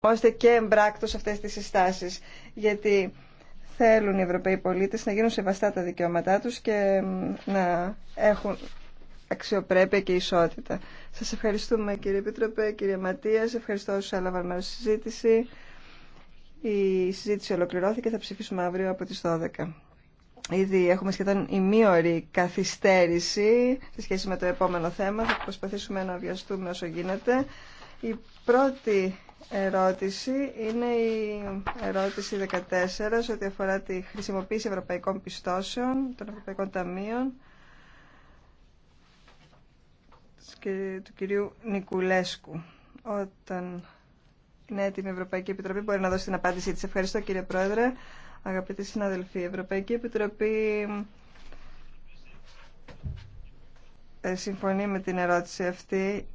ώστε και εμπράκτος αυτέ τι συστάσεις. Γιατί θέλουν οι Ευρωπαίοι πολίτε να γίνουν σεβαστά τα δικαιώματά του και να έχουν αξιοπρέπεια και ισότητα. Σα ευχαριστούμε κύριε Επίτροπε, κύριε Ματίας, ευχαριστώ όσου έλαβαν μέρο στη συζήτηση. Η συζήτηση ολοκληρώθηκε, θα ψηφίσουμε αύριο από τι 12. Ήδη έχουμε σχεδόν ημίωρη καθυστέρηση σε σχέση με το επόμενο θέμα. Θα προσπαθήσουμε να βιαστούμε όσο γίνεται. Η πρώτη ερώτηση είναι η ερώτηση 14 σε ό,τι αφορά τη χρησιμοποίηση ευρωπαϊκών πιστώσεων των Ευρωπαϊκών Ταμείων του κυρίου Νικουλέσκου. Όταν είναι έτοιμη η Ευρωπαϊκή Επιτροπή μπορεί να δώσει την απάντησή της. Ευχαριστώ κύριε Πρόεδρε, αγαπητοί συναδελφοί. Η Ευρωπαϊκή Επιτροπή ε, συμφωνεί με την ερώτηση αυτή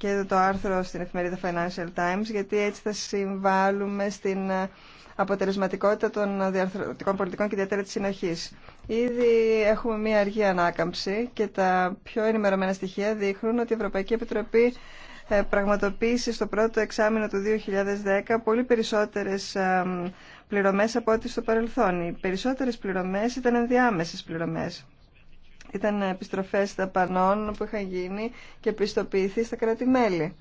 και το άρθρο στην εφημερίδα Financial Times, γιατί έτσι θα συμβάλλουμε στην ε, αποτελεσματικότητα των διαρθρωτικών πολιτικών και ιδιαίτερα της συνοχής. Ήδη έχουμε μία αργή ανάκαμψη και τα πιο ενημερωμένα στοιχεία δείχνουν ότι η Ευρωπαϊκή Επιτροπή ε, πραγματοποίησε στο πρώτο εξάμεινο του 2010 πολύ περισσότερες ε, πληρωμές από ό,τι στο παρελθόν. Οι περισσότερες πληρωμές ήταν ενδιάμεσες πληρωμές ήταν επιστροφές ταπανών που είχαν γίνει και επιστοποιηθεί στα κράτη-μέλη.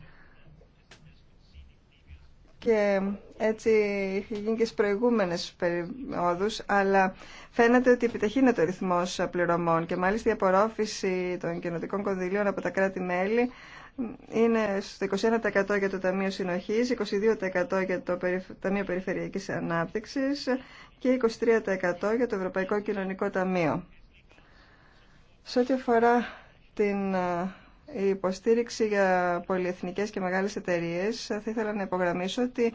Και έτσι είχε γίνει και στι προηγούμενες περιόδους, αλλά φαίνεται ότι επιταχύνεται ο ρυθμός πληρωμών και μάλιστα η απορρόφηση των κοινοτικών κονδυλίων από τα κράτη-μέλη είναι στο 21% για το Ταμείο Συνοχής, 22% για το Ταμείο Περιφερειακής ανάπτυξη και 23% για το Ευρωπαϊκό Κοινωνικό Ταμείο. Σε ό,τι αφορά την ε, υποστήριξη για πολυεθνικές και μεγάλες εταιρείες, ε, θα ήθελα να υπογραμμίσω ότι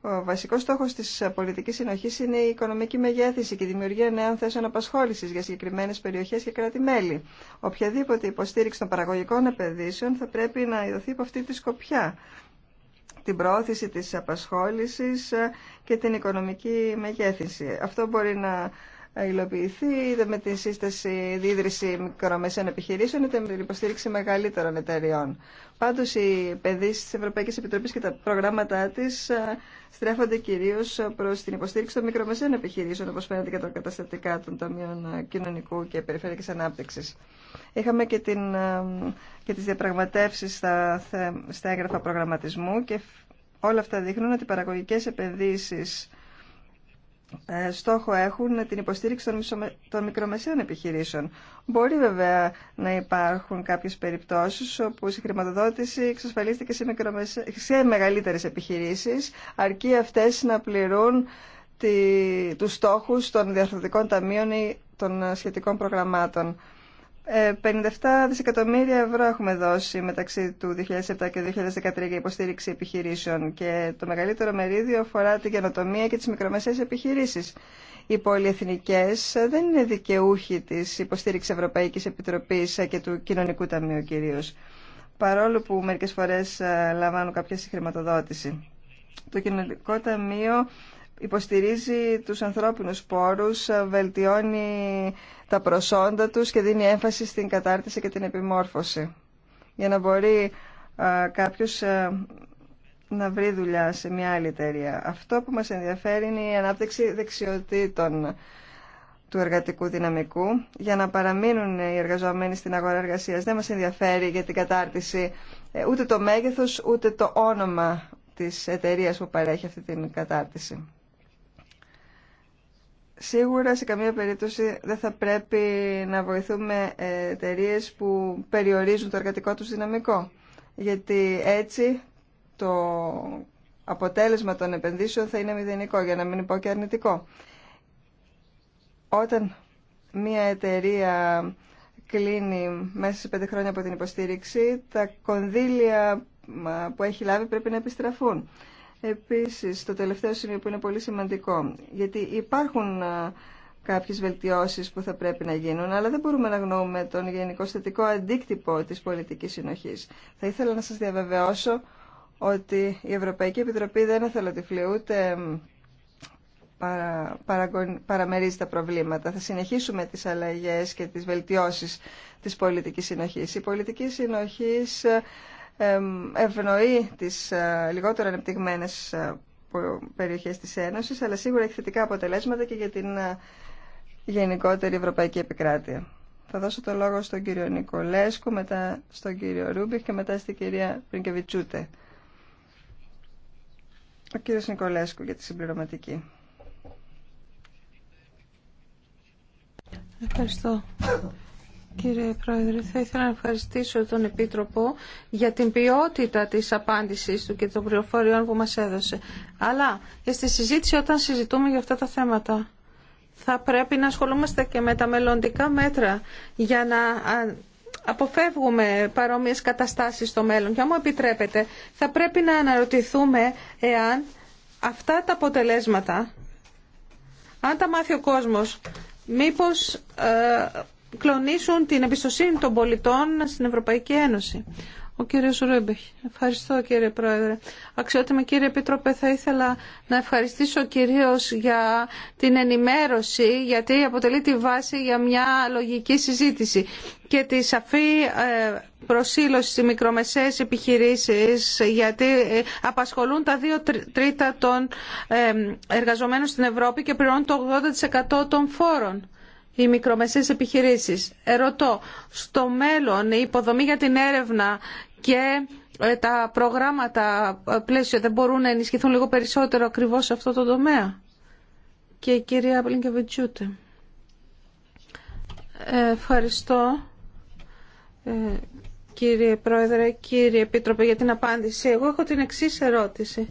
ο βασικός στόχος της ε, πολιτικής συνοχής είναι η οικονομική μεγέθυνση και η δημιουργία νέων θέσεων απασχόλησης για συγκεκριμένες περιοχές και κράτη-μέλη. Οποιαδήποτε υποστήριξη των παραγωγικών επενδύσεων θα πρέπει να ειδωθεί από αυτή τη σκοπιά την προώθηση της απασχόλησης και την οικονομική μεγέθυνση. Αυτό μπορεί να υλοποιηθεί είτε με τη σύσταση δίδρυση μικρομεσαίων επιχειρήσεων είτε με την υποστήριξη μεγαλύτερων εταιριών. Πάντως οι επενδύσεις της Ευρωπαϊκής Επιτροπής και τα προγράμματά της ε, στρέφονται κυρίως προς την υποστήριξη των μικρομεσαίων επιχειρήσεων όπως φαίνεται και τα καταστατικά των Ταμείων ε, Κοινωνικού και Περιφερειακής Ανάπτυξης. Είχαμε και, την, ε, και τις διαπραγματεύσεις στα, στα έγγραφα προγραμματισμού και όλα αυτά δείχνουν ότι οι παραγωγικές επενδύσεις ε, στόχο έχουν την υποστήριξη των μικρομεσαίων επιχειρήσεων. Μπορεί βέβαια να υπάρχουν κάποιες περιπτώσεις όπου η χρηματοδότηση εξασφαλίστηκε σε, μικρομεσα... σε μεγαλύτερες επιχειρήσεις, αρκεί αυτές να πληρούν τη... τους στόχους των διαρθρωτικών ταμείων ή των σχετικών προγραμμάτων. 57 ε, δισεκατομμύρια ευρώ έχουμε δώσει μεταξύ του 2007 και 2013 για υποστήριξη επιχειρήσεων και το μεγαλύτερο μερίδιο αφορά την καινοτομία και τις μικρομεσαίες επιχειρήσεις. Οι πολυεθνικές δεν είναι δικαιούχοι της υποστήριξης Ευρωπαϊκής Επιτροπής και του Κοινωνικού Ταμείου κυρίω. παρόλο που μερικές φορές ε, λαμβάνουν κάποια συγχρηματοδότηση. Το Κοινωνικό Ταμείο υποστηρίζει τους ανθρώπινους πόρους, βελτιώνει τα προσόντα τους και δίνει έμφαση στην κατάρτιση και την επιμόρφωση. Για να μπορεί κάποιος να βρει δουλειά σε μια άλλη εταιρεία. Αυτό που μας ενδιαφέρει είναι η ανάπτυξη δεξιοτήτων του εργατικού δυναμικού για να παραμείνουν οι εργαζομένοι στην αγορά εργασίας. Δεν μας ενδιαφέρει για την κατάρτιση ε, ούτε το μέγεθος ούτε το όνομα της εταιρείας που παρέχει αυτή την κατάρτιση. Σίγουρα σε καμία περίπτωση δεν θα πρέπει να βοηθούμε εταιρείε που περιορίζουν το εργατικό τους δυναμικό. Γιατί έτσι το αποτέλεσμα των επενδύσεων θα είναι μηδενικό, για να μην πω και αρνητικό. Όταν μια εταιρεία κλείνει μέσα σε πέντε χρόνια από την υποστήριξη, τα κονδύλια που έχει λάβει πρέπει να επιστραφούν. Επίσης, το τελευταίο σημείο που είναι πολύ σημαντικό, γιατί υπάρχουν κάποιες βελτιώσεις που θα πρέπει να γίνουν, αλλά δεν μπορούμε να γνωρούμε τον γενικό στατικό αντίκτυπο της πολιτικής συνοχής. Θα ήθελα να σας διαβεβαιώσω ότι η Ευρωπαϊκή Επιτροπή δεν εθελοτυφλεί ούτε παραμερίζει τα προβλήματα. Θα συνεχίσουμε τις αλλαγές και τις βελτιώσεις της πολιτικής συνοχής. Η πολιτική συνοχής ευνοεί τις ε, λιγότερο ανεπτυγμένες ε, περιοχές της Ένωσης, αλλά σίγουρα έχει θετικά αποτελέσματα και για την ε, γενικότερη ευρωπαϊκή επικράτεια. Θα δώσω το λόγο στον κύριο Νικολέσκου, μετά στον κύριο Ρούμπιχ και μετά στην κυρία Πρινκεβιτσούτε. Ο κύριος Νικολέσκου για τη συμπληρωματική. Ευχαριστώ. Κύριε Πρόεδρε, θα ήθελα να ευχαριστήσω τον Επίτροπο για την ποιότητα της απάντησης του και των πληροφοριών που μας έδωσε. Αλλά και στη συζήτηση όταν συζητούμε για αυτά τα θέματα θα πρέπει να ασχολούμαστε και με τα μελλοντικά μέτρα για να αποφεύγουμε παρόμοιες καταστάσεις στο μέλλον. Και αν μου επιτρέπετε, θα πρέπει να αναρωτηθούμε εάν αυτά τα αποτελέσματα, αν τα μάθει ο κόσμος, μήπως ε, κλονίσουν την εμπιστοσύνη των πολιτών στην Ευρωπαϊκή Ένωση. Ο κύριος Ρούμπεχ. Ευχαριστώ κύριε Πρόεδρε. Αξιότιμα κύριε Επίτροπε, θα ήθελα να ευχαριστήσω κυρίως για την ενημέρωση, γιατί αποτελεί τη βάση για μια λογική συζήτηση και τη σαφή ε, προσήλωση στις μικρομεσαίες επιχειρήσεις, γιατί ε, απασχολούν τα δύο τρίτα των ε, εργαζομένων στην Ευρώπη και πληρώνουν το 80% των φόρων οι μικρομεσαίες επιχειρήσεις. Ερωτώ, στο μέλλον η υποδομή για την έρευνα και ε, τα προγράμματα ε, πλαίσιο δεν μπορούν να ενισχυθούν λίγο περισσότερο ακριβώς σε αυτό το τομέα. Και η κυρία Πλίνκεβιτσιούτε. Ευχαριστώ ε, κύριε Πρόεδρε, κύριε Επίτροπε για την απάντηση. Εγώ έχω την εξής ερώτηση.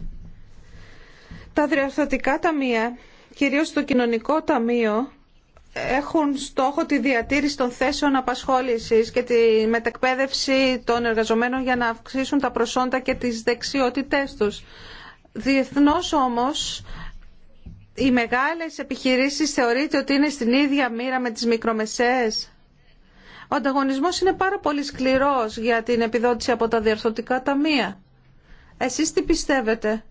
Τα διορθωτικά ταμεία, κυρίως το κοινωνικό ταμείο, έχουν στόχο τη διατήρηση των θέσεων απασχόλησης και τη μετεκπαίδευση των εργαζομένων για να αυξήσουν τα προσόντα και τις δεξιότητές τους. Διεθνώς όμως οι μεγάλες επιχειρήσεις θεωρείται ότι είναι στην ίδια μοίρα με τις μικρομεσαίες. Ο ανταγωνισμός είναι πάρα πολύ σκληρός για την επιδότηση από τα διορθωτικά ταμεία. Εσείς τι πιστεύετε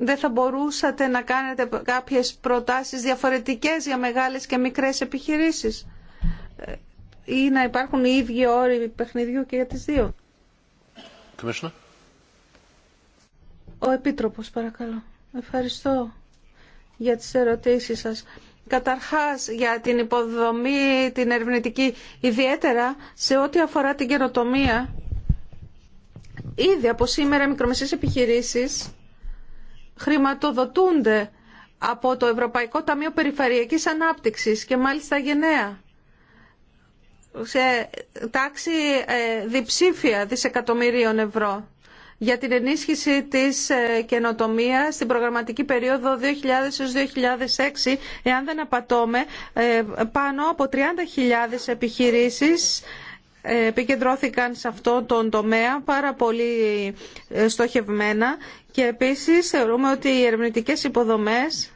δεν θα μπορούσατε να κάνετε κάποιες προτάσεις διαφορετικές για μεγάλες και μικρές επιχειρήσεις ε, ή να υπάρχουν οι ίδιοι όροι παιχνιδιού και για τις δύο. Ο Επίτροπος, παρακαλώ. Ευχαριστώ για τις ερωτήσεις σας. Καταρχάς, για την υποδομή, την ερευνητική, ιδιαίτερα σε ό,τι αφορά την καινοτομία, ήδη από σήμερα μικρομεσαίες επιχειρήσεις χρηματοδοτούνται από το Ευρωπαϊκό Ταμείο Περιφερειακής Ανάπτυξης και μάλιστα γενναία σε τάξη ε, διψήφια δισεκατομμυρίων ευρώ για την ενίσχυση της ε, καινοτομίας στην προγραμματική περίοδο 2000-2006, εάν δεν απατώμε, ε, πάνω από 30.000 επιχειρήσεις επικεντρώθηκαν σε αυτό τον τομέα πάρα πολύ ε, στοχευμένα και επίσης θεωρούμε ότι οι ερευνητικές υποδομές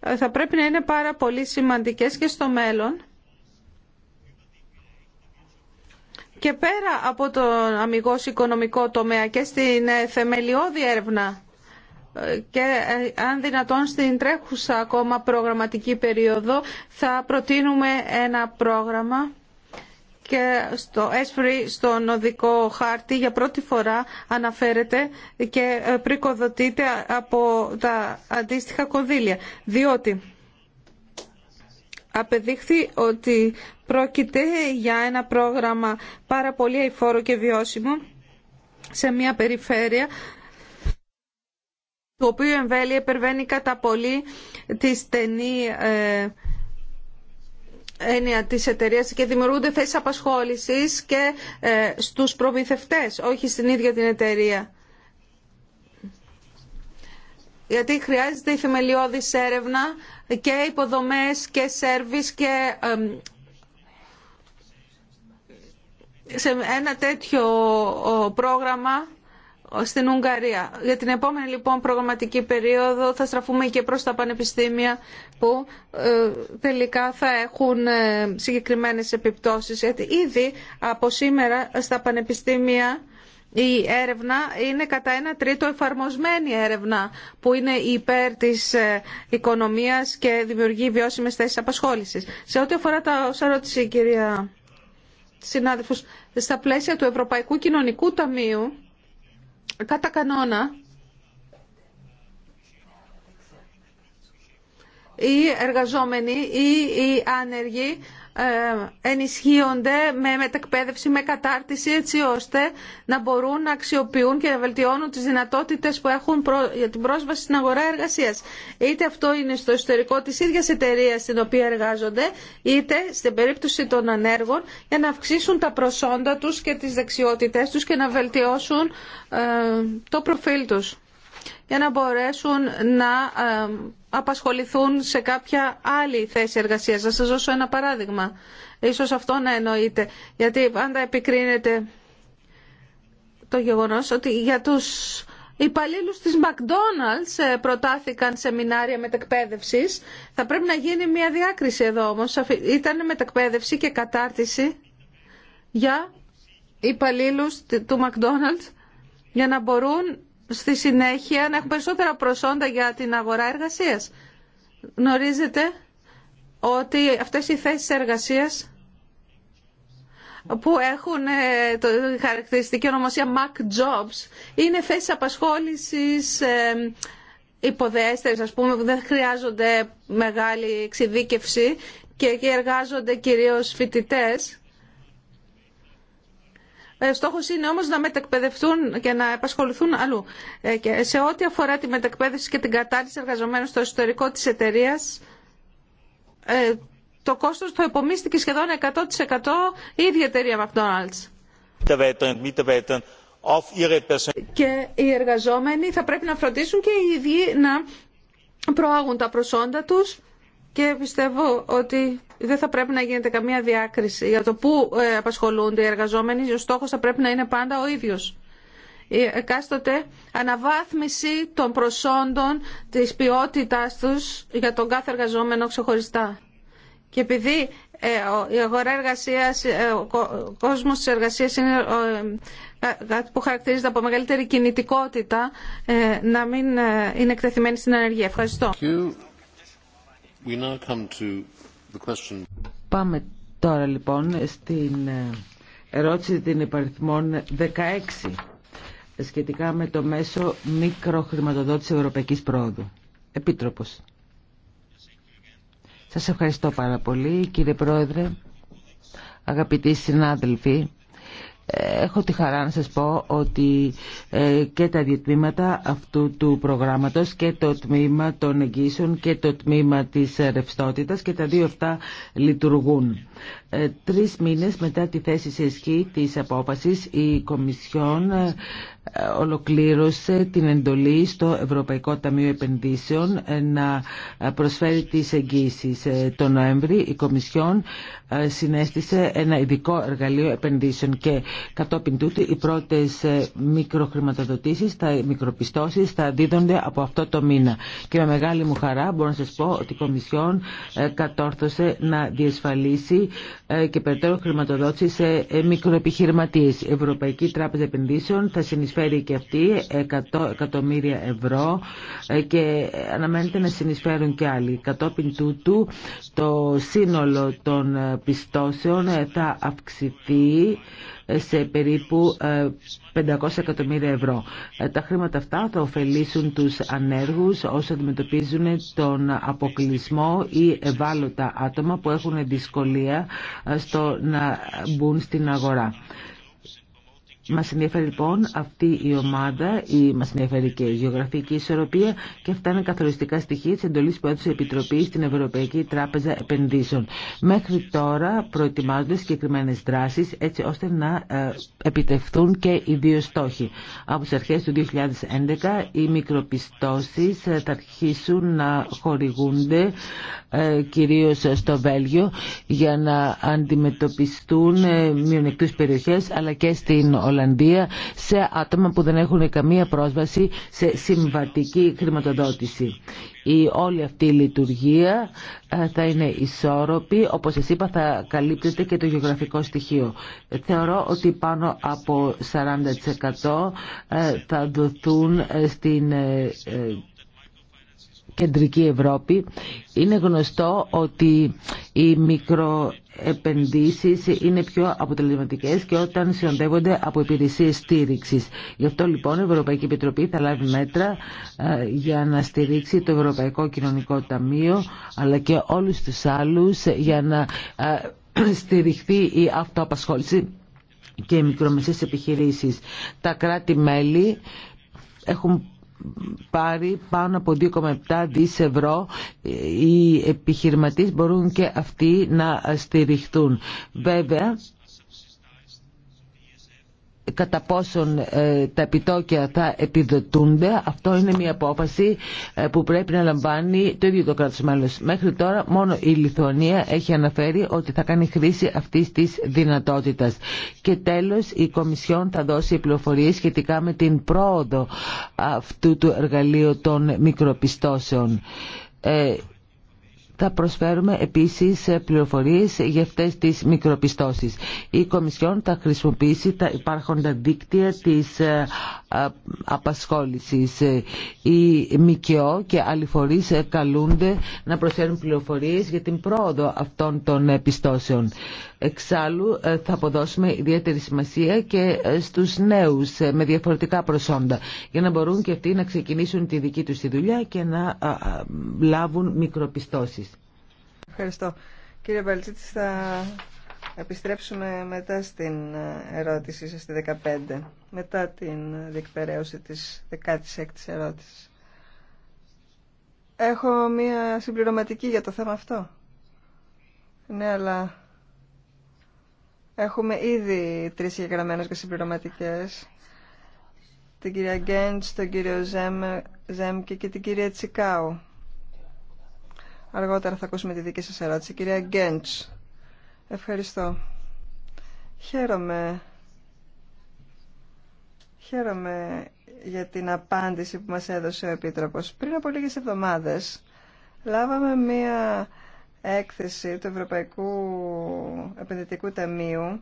ε, θα πρέπει να είναι πάρα πολύ σημαντικές και στο μέλλον. Και πέρα από τον αμυγός οικονομικό τομέα και στην ε, θεμελιώδη έρευνα και αν δυνατόν στην τρέχουσα ακόμα προγραμματική περίοδο θα προτείνουμε ένα πρόγραμμα και στο ΕΣΦΡΙ, στον οδικό χάρτη, για πρώτη φορά αναφέρεται και πρικοδοτείται από τα αντίστοιχα κονδύλια. Διότι απεδείχθη ότι πρόκειται για ένα πρόγραμμα πάρα πολύ αηφόρο και βιώσιμο σε μια περιφέρεια το οποίο εμβέλει επερβαίνει κατά πολύ τη στενή ε, έννοια της εταιρεία και δημιουργούνται θέσεις απασχόλησης και ε, στους προμηθευτές, όχι στην ίδια την εταιρεία. Γιατί χρειάζεται η θεμελιώδης έρευνα και υποδομές και σέρβις και σε ένα τέτοιο πρόγραμμα στην Ουγγαρία. Για την επόμενη λοιπόν προγραμματική περίοδο θα στραφούμε και προς τα πανεπιστήμια που ε, τελικά θα έχουν ε, συγκεκριμένες επιπτώσεις. Γιατί ήδη από σήμερα στα πανεπιστήμια η έρευνα είναι κατά ένα τρίτο εφαρμοσμένη έρευνα που είναι υπέρ της ε, οικονομίας και δημιουργεί βιώσιμες θέσεις απασχόλησης. Σε ό,τι αφορά τα όσα ρώτησε η κυρία συνάδελφος, στα πλαίσια του Ευρωπαϊκού Κοινωνικού Ταμείου Κατά κανόνα, οι εργαζόμενοι ή οι άνεργοι ε, ενισχύονται με μετακπαίδευση, με κατάρτιση έτσι ώστε να μπορούν να αξιοποιούν και να βελτιώνουν τις δυνατότητες που έχουν για την πρόσβαση στην αγορά εργασίας. Είτε αυτό είναι στο εσωτερικό της ίδιας εταιρείας στην οποία εργάζονται, είτε στην περίπτωση των ανέργων για να αυξήσουν τα προσόντα τους και τις δεξιότητές τους και να βελτιώσουν ε, το προφίλ τους για να μπορέσουν να ε, απασχοληθούν σε κάποια άλλη θέση εργασίας. Να σας δώσω ένα παράδειγμα. Ίσως αυτό να εννοείτε, Γιατί πάντα επικρίνεται το γεγονός ότι για τους υπαλλήλους της McDonald's ε, προτάθηκαν σεμινάρια μετεκπαίδευσης. Θα πρέπει να γίνει μια διάκριση εδώ όμως. Ήταν μετεκπαίδευση και κατάρτιση για υπαλλήλους του McDonald's για να μπορούν στη συνέχεια να έχουν περισσότερα προσόντα για την αγορά εργασίας. Γνωρίζετε ότι αυτές οι θέσεις εργασίας που έχουν ε, το χαρακτηριστική ονομασία Mac Jobs είναι θέσεις απασχόλησης ε, υποδέστερες ας πούμε που δεν χρειάζονται μεγάλη εξειδίκευση και εργάζονται κυρίως φοιτητές ε, Στόχο είναι όμω να μετακπαιδευτούν και να επασχοληθούν αλλού. Ε, και σε ό,τι αφορά τη μετακπαίδευση και την κατάρτιση εργαζομένων στο εσωτερικό τη εταιρεία, ε, το κόστος το επομίστηκε σχεδόν 100% η ίδια εταιρεία McDonald's. Και οι εργαζόμενοι θα πρέπει να φροντίσουν και οι ίδιοι να προάγουν τα προσόντα τους και πιστεύω ότι δεν θα πρέπει να γίνεται καμία διάκριση για το πού ε, απασχολούνται οι εργαζόμενοι. Ο στόχος θα πρέπει να είναι πάντα ο ίδιος. Η εκάστοτε αναβάθμιση των προσόντων της ποιότητάς τους για τον κάθε εργαζόμενο ξεχωριστά. Και επειδή ε, η αγορά εργασίας, ε, ο κόσμος της εργασίας είναι κάτι που χαρακτηρίζεται από μεγαλύτερη κινητικότητα, να μην είναι εκτεθειμένη στην ανεργία. Ευχαριστώ. Πάμε τώρα λοιπόν στην ε, ερώτηση των υπαριθμών 16 σχετικά με το μέσο μικροχρηματοδότηση ευρωπαϊκής πρόοδου. Επίτροπος. Σας ευχαριστώ πάρα πολύ κύριε Πρόεδρε, αγαπητοί συνάδελφοι. Έχω τη χαρά να σας πω ότι ε, και τα δύο αυτού του προγράμματος και το τμήμα των εγγύσεων και το τμήμα της ρευστότητα και τα δύο αυτά λειτουργούν. Ε, τρεις μήνες μετά τη θέση σε ισχύ της απόφασης η Κομισιόν ε, ολοκλήρωσε την εντολή στο Ευρωπαϊκό Ταμείο Επενδύσεων ε, να προσφέρει τις εγγύσεις. Το Νοέμβρη η Κομισιόν συνέστησε ένα ειδικό εργαλείο επενδύσεων και κατόπιν τούτου οι πρώτες μικροχρηματοδοτήσεις, τα μικροπιστώσεις θα δίδονται από αυτό το μήνα. Και με μεγάλη μου χαρά μπορώ να σας πω ότι η Κομισιόν κατόρθωσε να διασφαλίσει ε, και περαιτέρω χρηματοδότηση σε ε, μικροεπιχειρηματίες. Η Ευρωπαϊκή Τράπεζα Επενδύσεων θα συνεισφέρει και αυτή 100 εκατομμύρια ευρώ ε, και αναμένεται να συνεισφέρουν και άλλοι. Κατόπιν τούτου το σύνολο των πιστώσεων θα αυξηθεί σε περίπου 500 εκατομμύρια ευρώ. Ε, τα χρήματα αυτά θα ωφελήσουν τους ανέργους όσο αντιμετωπίζουν τον αποκλεισμό ή ευάλωτα άτομα που έχουν δυσκολία ε, στο να μπουν στην αγορά. Μας ενδιαφέρει λοιπόν αυτή η ομάδα, η, μας ενδιαφέρει και η γεωγραφική ισορροπία και αυτά είναι καθοριστικά στοιχεία της εντολής που έδωσε η Επιτροπή στην Ευρωπαϊκή Τράπεζα Επενδύσεων. Μέχρι τώρα προετοιμάζονται συγκεκριμένε δράσεις έτσι ώστε να ε, επιτευθούν και οι δύο στόχοι. Από τις αρχές του 2011 οι μικροπιστώσεις ε, θα αρχίσουν να χορηγούνται ε, κυρίως στο Βέλγιο για να αντιμετωπιστούν μειονεκτούς περιοχές αλλά και στην Ολλανδία σε άτομα που δεν έχουν καμία πρόσβαση σε συμβατική χρηματοδότηση. Η όλη αυτή η λειτουργία ε, θα είναι ισόρροπη, όπως σας είπα θα καλύπτεται και το γεωγραφικό στοιχείο. Θεωρώ ότι πάνω από 40% ε, θα δοθούν ε, στην κεντρική Ευρώπη. Είναι γνωστό ότι οι μικρο επενδύσεις είναι πιο αποτελεσματικές και όταν συνοδεύονται από υπηρεσίες στήριξης. Γι' αυτό λοιπόν η Ευρωπαϊκή Επιτροπή θα λάβει μέτρα ε, για να στηρίξει το Ευρωπαϊκό Κοινωνικό Ταμείο αλλά και όλους τους άλλους ε, για να ε, στηριχθεί η αυτοαπασχόληση και οι μικρομεσαίες επιχειρήσεις. Τα κράτη-μέλη έχουν πάρει πάνω από 2,7 δις ευρώ ε, οι επιχειρηματίες μπορούν και αυτοί να στηριχθούν. Βέβαια κατά πόσον ε, τα επιτόκια θα επιδοτούνται. Αυτό είναι μια απόφαση ε, που πρέπει να λαμβάνει το ίδιο το κράτος μέλος. Μέχρι τώρα μόνο η Λιθουανία έχει αναφέρει ότι θα κάνει χρήση αυτής της δυνατότητας. Και τέλος η Κομισιόν θα δώσει πληροφορίες σχετικά με την πρόοδο αυτού του εργαλείου των μικροπιστώσεων. Ε, θα προσφέρουμε επίσης πληροφορίες για αυτές τις μικροπιστώσεις. Η Κομισιόν θα χρησιμοποιήσει τα υπάρχοντα δίκτυα της ε, ε, απασχόλησης. Ε, οι ΜΚΟ και άλλοι φορείς ε, καλούνται να προσφέρουν πληροφορίες για την πρόοδο αυτών των επιστώσεων. Εξάλλου θα αποδώσουμε ιδιαίτερη σημασία και στους νέους με διαφορετικά προσόντα για να μπορούν και αυτοί να ξεκινήσουν τη δική τους τη δουλειά και να λάβουν μικροπιστώσεις. Ευχαριστώ. Κύριε επιστρέψουμε μετά στην ερώτησή σας στη 15, μετά την διεκπαιρέωση της 16ης ερώτησης. Έχω μία συμπληρωματική για το θέμα αυτό. Ναι, αλλά έχουμε ήδη τρεις συγγραμμένες και συμπληρωματικές. Την κυρία Γκέντς, τον κύριο Ζέμ, και την κυρία Τσικάου. Αργότερα θα ακούσουμε τη δική σας ερώτηση. Κυρία Γκέντς. Ευχαριστώ. Χαίρομαι. Χαίρομαι για την απάντηση που μας έδωσε ο Επίτροπος. Πριν από λίγες εβδομάδες λάβαμε μία έκθεση του Ευρωπαϊκού Επενδυτικού Ταμείου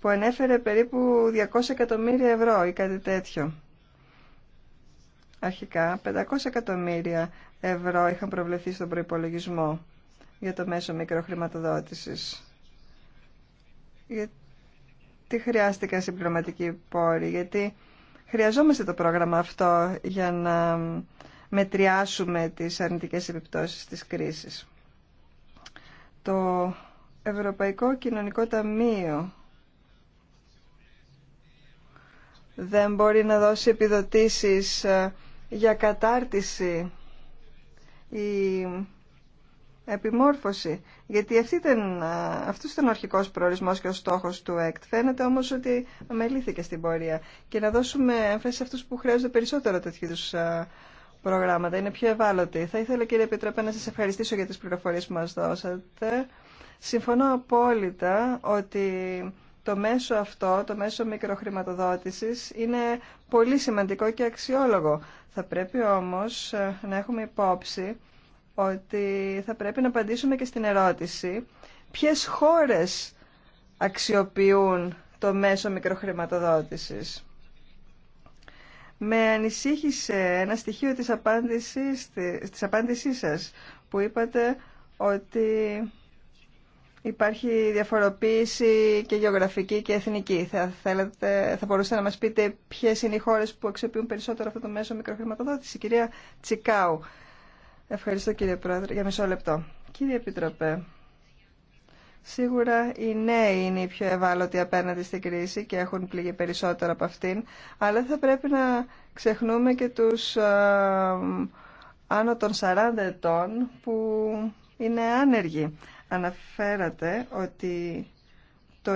που ανέφερε περίπου 200 εκατομμύρια ευρώ ή κάτι τέτοιο. Αρχικά 500 εκατομμύρια ευρώ είχαν προβλεφθεί στον προϋπολογισμό για το μέσο μικροχρηματοδότησης γιατί χρειάστηκαν συμπληρωματικοί πόροι, γιατί χρειαζόμαστε το πρόγραμμα αυτό για να μετριάσουμε τις αρνητικές επιπτώσεις της κρίσης. Το Ευρωπαϊκό Κοινωνικό Ταμείο δεν μπορεί να δώσει επιδοτήσεις ε, για κατάρτιση ή επιμόρφωση. Γιατί αυτή ήταν, αυτός ήταν ο αρχικός προορισμός και ο στόχος του ΕΚΤ. Φαίνεται όμως ότι αμελήθηκε στην πορεία. Και να δώσουμε έμφαση σε αυτούς που χρειάζονται περισσότερο τέτοιου είδους προγράμματα. Είναι πιο ευάλωτοι. Θα ήθελα κύριε Επιτρόπε, να σας ευχαριστήσω για τις πληροφορίες που μας δώσατε. Συμφωνώ απόλυτα ότι το μέσο αυτό, το μέσο μικροχρηματοδότησης, είναι πολύ σημαντικό και αξιόλογο. Θα πρέπει όμω ε, να έχουμε υπόψη ότι θα πρέπει να απαντήσουμε και στην ερώτηση ποιες χώρες αξιοποιούν το μέσο μικροχρηματοδότησης. Με ανησύχησε ένα στοιχείο της απάντησης, της σας που είπατε ότι υπάρχει διαφοροποίηση και γεωγραφική και εθνική. Θα, θέλετε, θα μπορούσατε να μας πείτε ποιες είναι οι χώρες που αξιοποιούν περισσότερο αυτό το μέσο μικροχρηματοδότηση. Κυρία Τσικάου, Ευχαριστώ κύριε Πρόεδρε. Για μισό λεπτό. Κύριε Επιτροπέ, σίγουρα οι νέοι είναι οι πιο ευάλωτοι απέναντι στην κρίση και έχουν πληγεί περισσότερο από αυτήν, αλλά θα πρέπει να ξεχνούμε και τους α, ε, άνω των 40 ετών που είναι άνεργοι. Αναφέρατε ότι το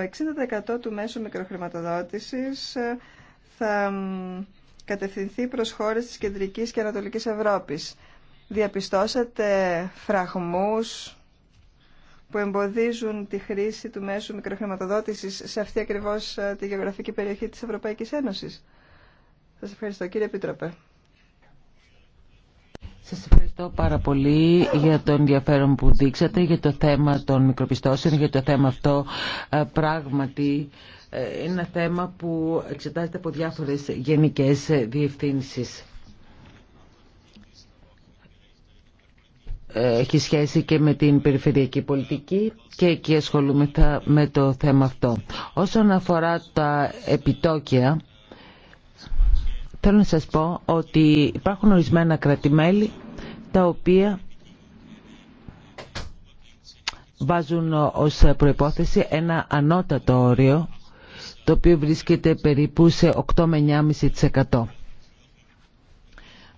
60% του μέσου μικροχρηματοδότησης ε, θα κατευθυνθεί προς χώρες της Κεντρικής και Ανατολικής Ευρώπης διαπιστώσατε φραγμούς που εμποδίζουν τη χρήση του μέσου μικροχρηματοδότησης σε αυτή ακριβώς ε, τη γεωγραφική περιοχή της Ευρωπαϊκής Ένωσης. Σας ευχαριστώ κύριε Επίτροπε. Σας ευχαριστώ πάρα πολύ για το ενδιαφέρον που δείξατε, για το θέμα των μικροπιστώσεων, για το θέμα αυτό ε, πράγματι ε, είναι ένα θέμα που εξετάζεται από διάφορες γενικές διευθύνσεις. έχει σχέση και με την περιφερειακή πολιτική και εκεί ασχολούμεθα με το θέμα αυτό. Όσον αφορά τα επιτόκια, θέλω να σας πω ότι υπάρχουν ορισμένα κρατημέλη τα οποία βάζουν ως προϋπόθεση ένα ανώτατο όριο το οποίο βρίσκεται περίπου σε 8 με 9,5%.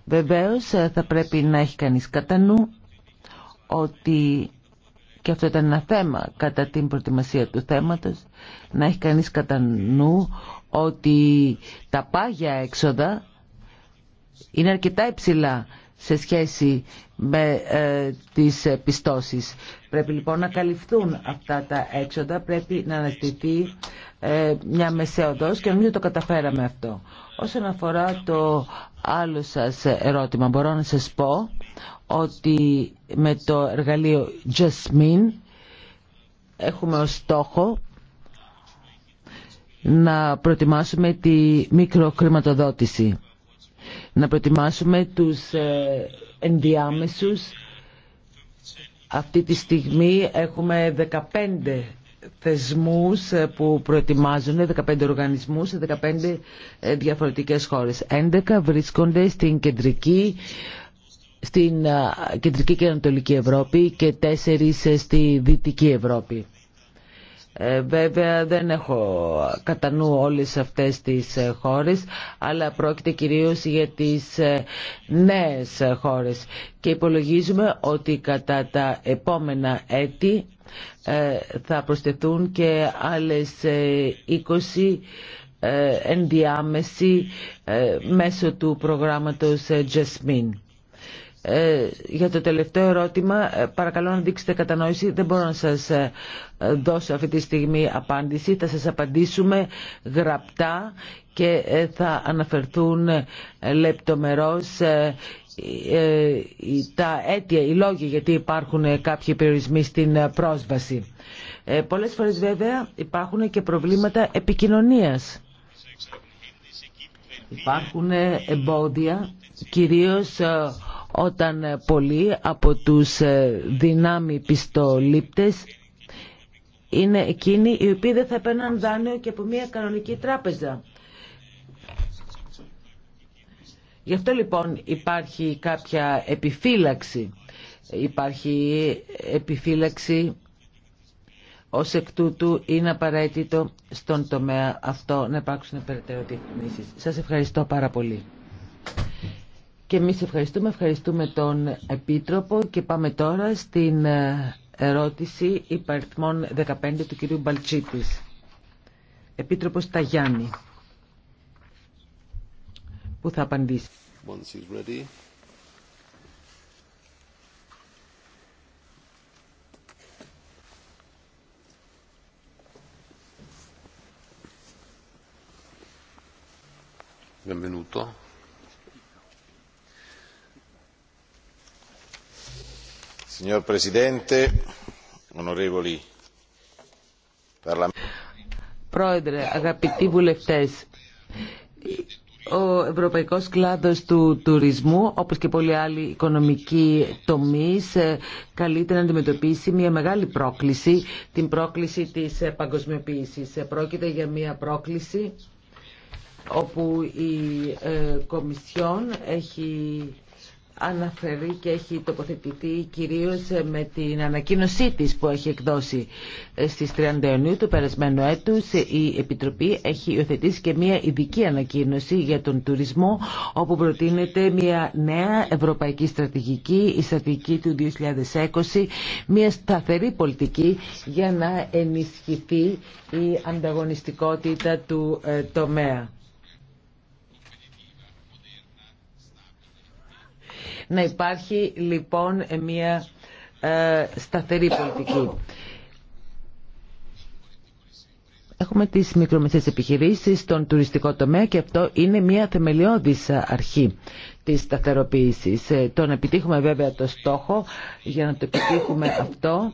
Βεβαίως ε, θα πρέπει να έχει κανείς κατά νου ότι και αυτό ήταν ένα θέμα κατά την προετοιμασία του θέματος να έχει κανείς κατά νου ότι τα πάγια έξοδα είναι αρκετά υψηλά σε σχέση με ε, τις πιστώσεις. Πρέπει λοιπόν να καλυφθούν αυτά τα έξοδα, πρέπει να αναστηθεί ε, μια μεσαίωδος και νομίζω το καταφέραμε αυτό. Όσον αφορά το άλλο σας ερώτημα, μπορώ να σας πω ότι με το εργαλείο Jasmine έχουμε ως στόχο να προετοιμάσουμε τη μικροκρηματοδότηση, να προετοιμάσουμε τους ε, ενδιάμεσους. Αυτή τη στιγμή έχουμε 15 θεσμούς ε, που προετοιμάζουν 15 οργανισμούς σε 15 ε, διαφορετικές χώρες. 11 βρίσκονται στην κεντρική στην Κεντρική και Ανατολική Ευρώπη και τέσσερις ε, στη Δυτική Ευρώπη. Ε, βέβαια δεν έχω κατά νου όλες αυτές τις ε, χώρες αλλά πρόκειται κυρίως για τις ε, νέες χώρες και υπολογίζουμε ότι κατά τα επόμενα έτη θα προσθεθούν και άλλες 20 ενδιάμεση μέσω του προγράμματος Jasmine. Ε, για το τελευταίο ερώτημα, ε, παρακαλώ να δείξετε κατανόηση. Δεν μπορώ να σας ε, δώσω αυτή τη στιγμή απάντηση. Θα σας απαντήσουμε γραπτά και θα αναφερθούν λεπτομερώς τα αίτια, οι λόγοι γιατί υπάρχουν κάποιοι περιορισμοί στην πρόσβαση. Ε, πολλές φορές βέβαια υπάρχουν και προβλήματα επικοινωνίας. Υπάρχουν εμπόδια, κυρίως όταν ε, πολλοί από τους ε, δυνάμει πιστολήπτες είναι εκείνοι οι οποίοι δεν θα παίρναν δάνειο και από μια κανονική τράπεζα. Γι' αυτό λοιπόν υπάρχει κάποια επιφύλαξη. Υπάρχει επιφύλαξη ως εκ τούτου είναι απαραίτητο στον τομέα αυτό να υπάρξουν περαιτέρω Σας ευχαριστώ πάρα πολύ. Και εμείς ευχαριστούμε, ευχαριστούμε τον Επίτροπο και πάμε τώρα στην ε, ερώτηση υπαριθμών 15 του κυρίου Μπαλτσίτης. Επίτροπος Ταγιάννη, που θα απαντήσει. Signor Πρόεδρε, αγαπητοί βουλευτέ. ο ευρωπαϊκός κλάδος του τουρισμού, όπως και πολλοί άλλοι οικονομικοί τομείς, ε, καλείται να αντιμετωπίσει μια μεγάλη πρόκληση, την πρόκληση της ε, παγκοσμιοποίηση. Ε, πρόκειται για μια πρόκληση όπου η Κομισιόν έχει αναφερεί και έχει τοποθετηθεί κυρίως με την ανακοίνωσή της που έχει εκδώσει ε, στις 30 Ιουνίου του περασμένου έτους. Η Επιτροπή έχει υιοθετήσει και μια ειδική ανακοίνωση για τον τουρισμό όπου προτείνεται μια νέα ευρωπαϊκή στρατηγική, η στρατηγική του 2020, μια σταθερή πολιτική για να ενισχυθεί η ανταγωνιστικότητα του ε, τομέα. Να υπάρχει λοιπόν μια ε, σταθερή πολιτική. Έχουμε τις μικρομεσαίες επιχειρήσεις στον τουριστικό τομέα και αυτό είναι μια θεμελιώδης αρχή της σταθεροποίησης. Ε, το να επιτύχουμε βέβαια το στόχο, για να το επιτύχουμε αυτό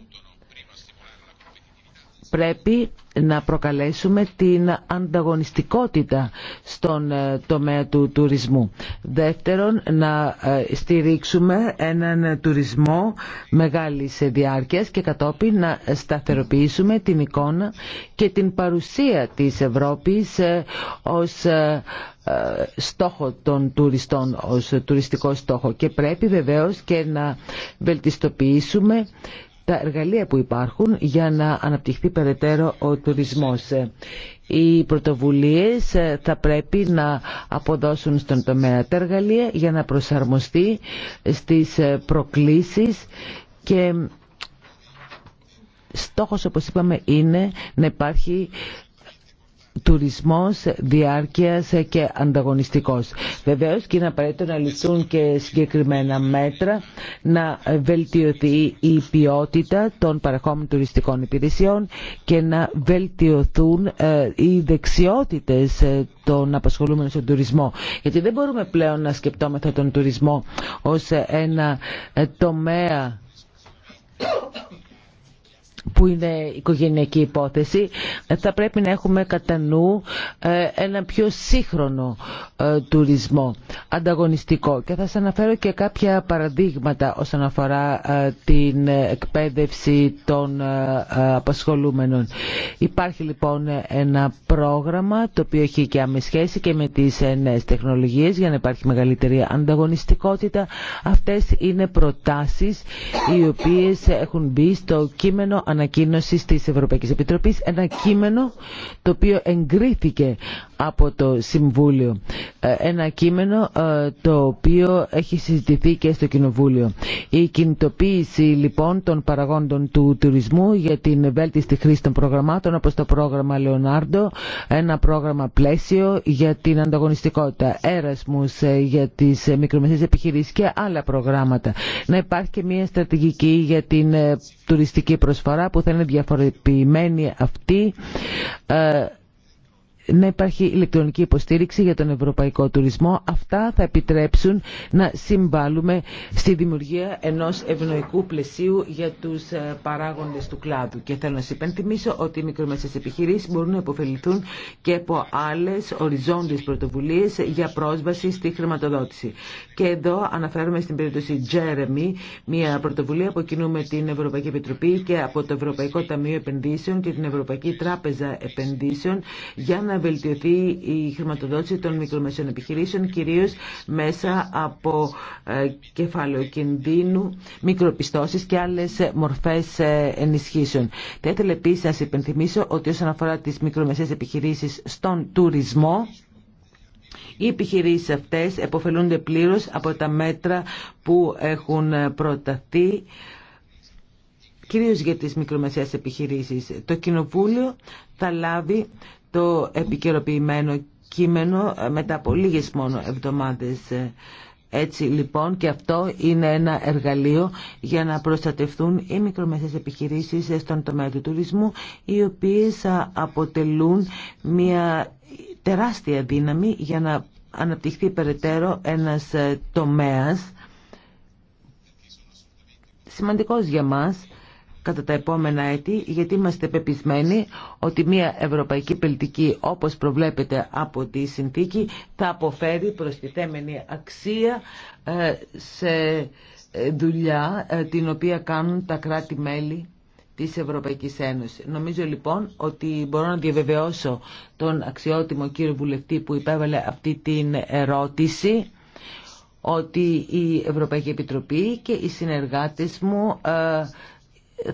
πρέπει να προκαλέσουμε την ανταγωνιστικότητα στον ε, τομέα του τουρισμού. Δεύτερον, να ε, στηρίξουμε έναν τουρισμό μεγάλης διάρκειας και κατόπιν να σταθεροποιήσουμε την εικόνα και την παρουσία της Ευρώπης ε, ως στόχο των τουριστών, ως τουριστικό στόχο και πρέπει βεβαίως και να βελτιστοποιήσουμε τα εργαλεία που υπάρχουν για να αναπτυχθεί περαιτέρω ο τουρισμός. Οι πρωτοβουλίες ε, θα πρέπει να αποδώσουν στον τομέα τα εργαλεία για να προσαρμοστεί στις ε, προκλήσεις και στόχος όπως είπαμε είναι να υπάρχει τουρισμός διάρκειας και ανταγωνιστικός. Βεβαίως και είναι απαραίτητο να ληφθούν και συγκεκριμένα μέτρα να βελτιωθεί η ποιότητα των παραχώμενων τουριστικών υπηρεσιών και να βελτιωθούν ε, οι δεξιότητες ε, των απασχολούμενων στον τουρισμό. Γιατί δεν μπορούμε πλέον να σκεπτόμεθα τον τουρισμό ως ε, ένα τομέα που είναι οικογενειακή υπόθεση, ε, θα πρέπει να έχουμε κατά νου ε, ένα πιο σύγχρονο ε, τουρισμό, ανταγωνιστικό. Και θα σας αναφέρω και κάποια παραδείγματα όσον αφορά την εκπαίδευση των απασχολούμενων. Υπάρχει λοιπόν ένα πρόγραμμα το οποίο έχει και άμεση σχέση και με τις νέες τεχνολογίες για να υπάρχει μεγαλύτερη ανταγωνιστικότητα. Αυτές είναι προτάσεις οι οποίες έχουν μπει στο κείμενο Τη της Ευρωπαϊκής Επιτροπής, ένα κείμενο το οποίο εγκρίθηκε από το Συμβούλιο. Ε, ένα κείμενο ε, το οποίο έχει συζητηθεί και στο Κοινοβούλιο. Η κινητοποίηση λοιπόν των παραγόντων του τουρισμού για την βέλτιστη χρήση των προγραμμάτων όπως το πρόγραμμα Λεωνάρντο, ένα πρόγραμμα πλαίσιο για την ανταγωνιστικότητα, έρασμους ε, για τις μικρομεσαίες επιχειρήσεις και άλλα προγράμματα. Να υπάρχει και μια στρατηγική για την τουριστική προσφορά που θα είναι διαφορεποιημένη αυτή να υπάρχει ηλεκτρονική υποστήριξη για τον ευρωπαϊκό τουρισμό. Αυτά θα επιτρέψουν να συμβάλλουμε στη δημιουργία ενός ευνοϊκού πλαισίου για τους ε, παράγοντες του κλάδου. Και θέλω να σας υπενθυμίσω ότι οι μικρομεσαίες επιχειρήσεις μπορούν να υποφεληθούν και από άλλες οριζόντιες πρωτοβουλίες για πρόσβαση στη χρηματοδότηση. Και εδώ αναφέρομαι στην περίπτωση Jeremy, μια πρωτοβουλία που κινούμε την Ευρωπαϊκή Επιτροπή και από το Ευρωπαϊκό Ταμείο Επενδύσεων και την Ευρωπαϊκή Τράπεζα Επενδύσεων για βελτιωθεί η χρηματοδότηση των μικρομεσαίων επιχειρήσεων, κυρίως μέσα από ε, κεφάλαιο κινδύνου, μικροπιστώσεις και άλλες μορφές ε, ενισχύσεων. Θα ήθελα επίσης να υπενθυμίσω ότι όσον αφορά τις μικρομεσαίες επιχειρήσεις στον τουρισμό, οι επιχειρήσεις αυτές επωφελούνται πλήρως από τα μέτρα που έχουν ε, προταθεί κυρίως για τις μικρομεσαίες επιχειρήσεις. Το Κοινοβούλιο θα λάβει το επικαιροποιημένο κείμενο μετά από λίγες μόνο εβδομάδες. Έτσι λοιπόν και αυτό είναι ένα εργαλείο για να προστατευτούν οι μικρομεσαίες επιχειρήσεις στον τομέα του τουρισμού οι οποίες αποτελούν μια τεράστια δύναμη για να αναπτυχθεί περαιτέρω ένας τομέας σημαντικός για μας κατά τα επόμενα έτη γιατί είμαστε πεπισμένοι ότι μια ευρωπαϊκή πολιτική όπως προβλέπεται από τη συνθήκη θα αποφέρει προστιθέμενη αξία ε, σε ε, δουλειά ε, την οποία κάνουν τα κράτη-μέλη της Ευρωπαϊκής Ένωσης. Νομίζω λοιπόν ότι μπορώ να διαβεβαιώσω τον αξιότιμο κύριο βουλευτή που υπέβαλε αυτή την ερώτηση ότι η Ευρωπαϊκή Επιτροπή και οι συνεργάτες μου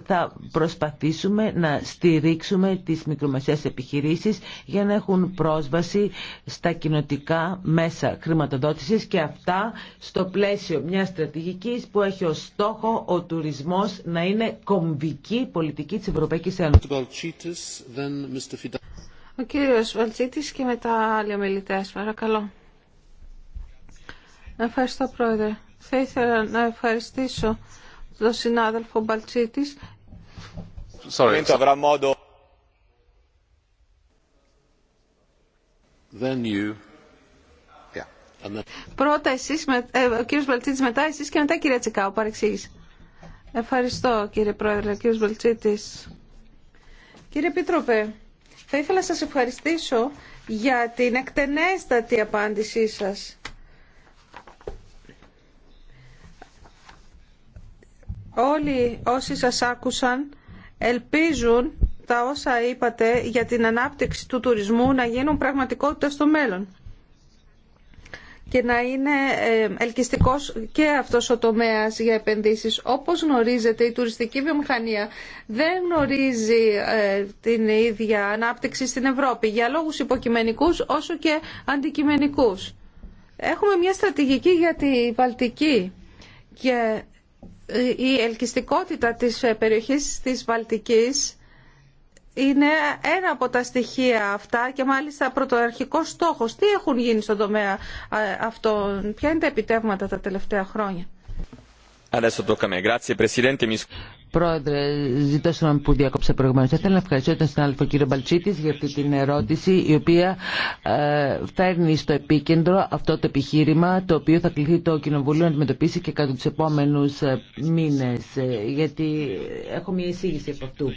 θα προσπαθήσουμε να στηρίξουμε τις μικρομεσαίες επιχειρήσεις για να έχουν πρόσβαση στα κοινοτικά μέσα χρηματοδότησης και αυτά στο πλαίσιο μιας στρατηγικής που έχει ως στόχο ο τουρισμός να είναι κομβική πολιτική της Ευρωπαϊκής Ένωσης. Ο κύριος Βαλτσίτης και μετά άλλοι ομιλητές, παρακαλώ. Ευχαριστώ Πρόεδρε. Θα ήθελα να ευχαριστήσω το συνάδελφο Μπαλτσίτης. Πρώτα εσείς, ε, ο κύριος Μπαλτσίτης μετά εσείς και μετά κυρία Τσικάου, παρεξήγηση. Ευχαριστώ κύριε Πρόεδρε, κύριος Μπαλτσίτης. Κύριε Επίτροπε, θα ήθελα να σας ευχαριστήσω για την εκτενέστατη απάντησή σας Όλοι όσοι σας άκουσαν ελπίζουν τα όσα είπατε για την ανάπτυξη του τουρισμού να γίνουν πραγματικότητα στο μέλλον και να είναι ε, ελκυστικός και αυτός ο τομέας για επενδύσεις. Όπως γνωρίζετε, η τουριστική βιομηχανία δεν γνωρίζει ε, την ίδια ανάπτυξη στην Ευρώπη για λόγους υποκειμενικούς όσο και αντικειμενικούς. Έχουμε μια στρατηγική για τη Βαλτική και η ελκυστικότητα της ε, περιοχής της Βαλτικής είναι ένα από τα στοιχεία αυτά και μάλιστα πρωτοαρχικός στόχος. Τι έχουν γίνει στον τομέα ε, αυτό, ποια είναι τα επιτεύγματα τα τελευταία χρόνια. Πρόεδρε, ζητώ συγγνώμη που διακόψα προηγουμένω. Θα ήθελα να ευχαριστήσω τον συνάδελφο κύριο Μπαλτσίτη για αυτή την ερώτηση, η οποία ε, φέρνει στο επίκεντρο αυτό το επιχείρημα, το οποίο θα κληθεί το Κοινοβούλιο να αντιμετωπίσει και κατά του επόμενου ε, μήνε. Ε, γιατί έχω μια εισήγηση από αυτού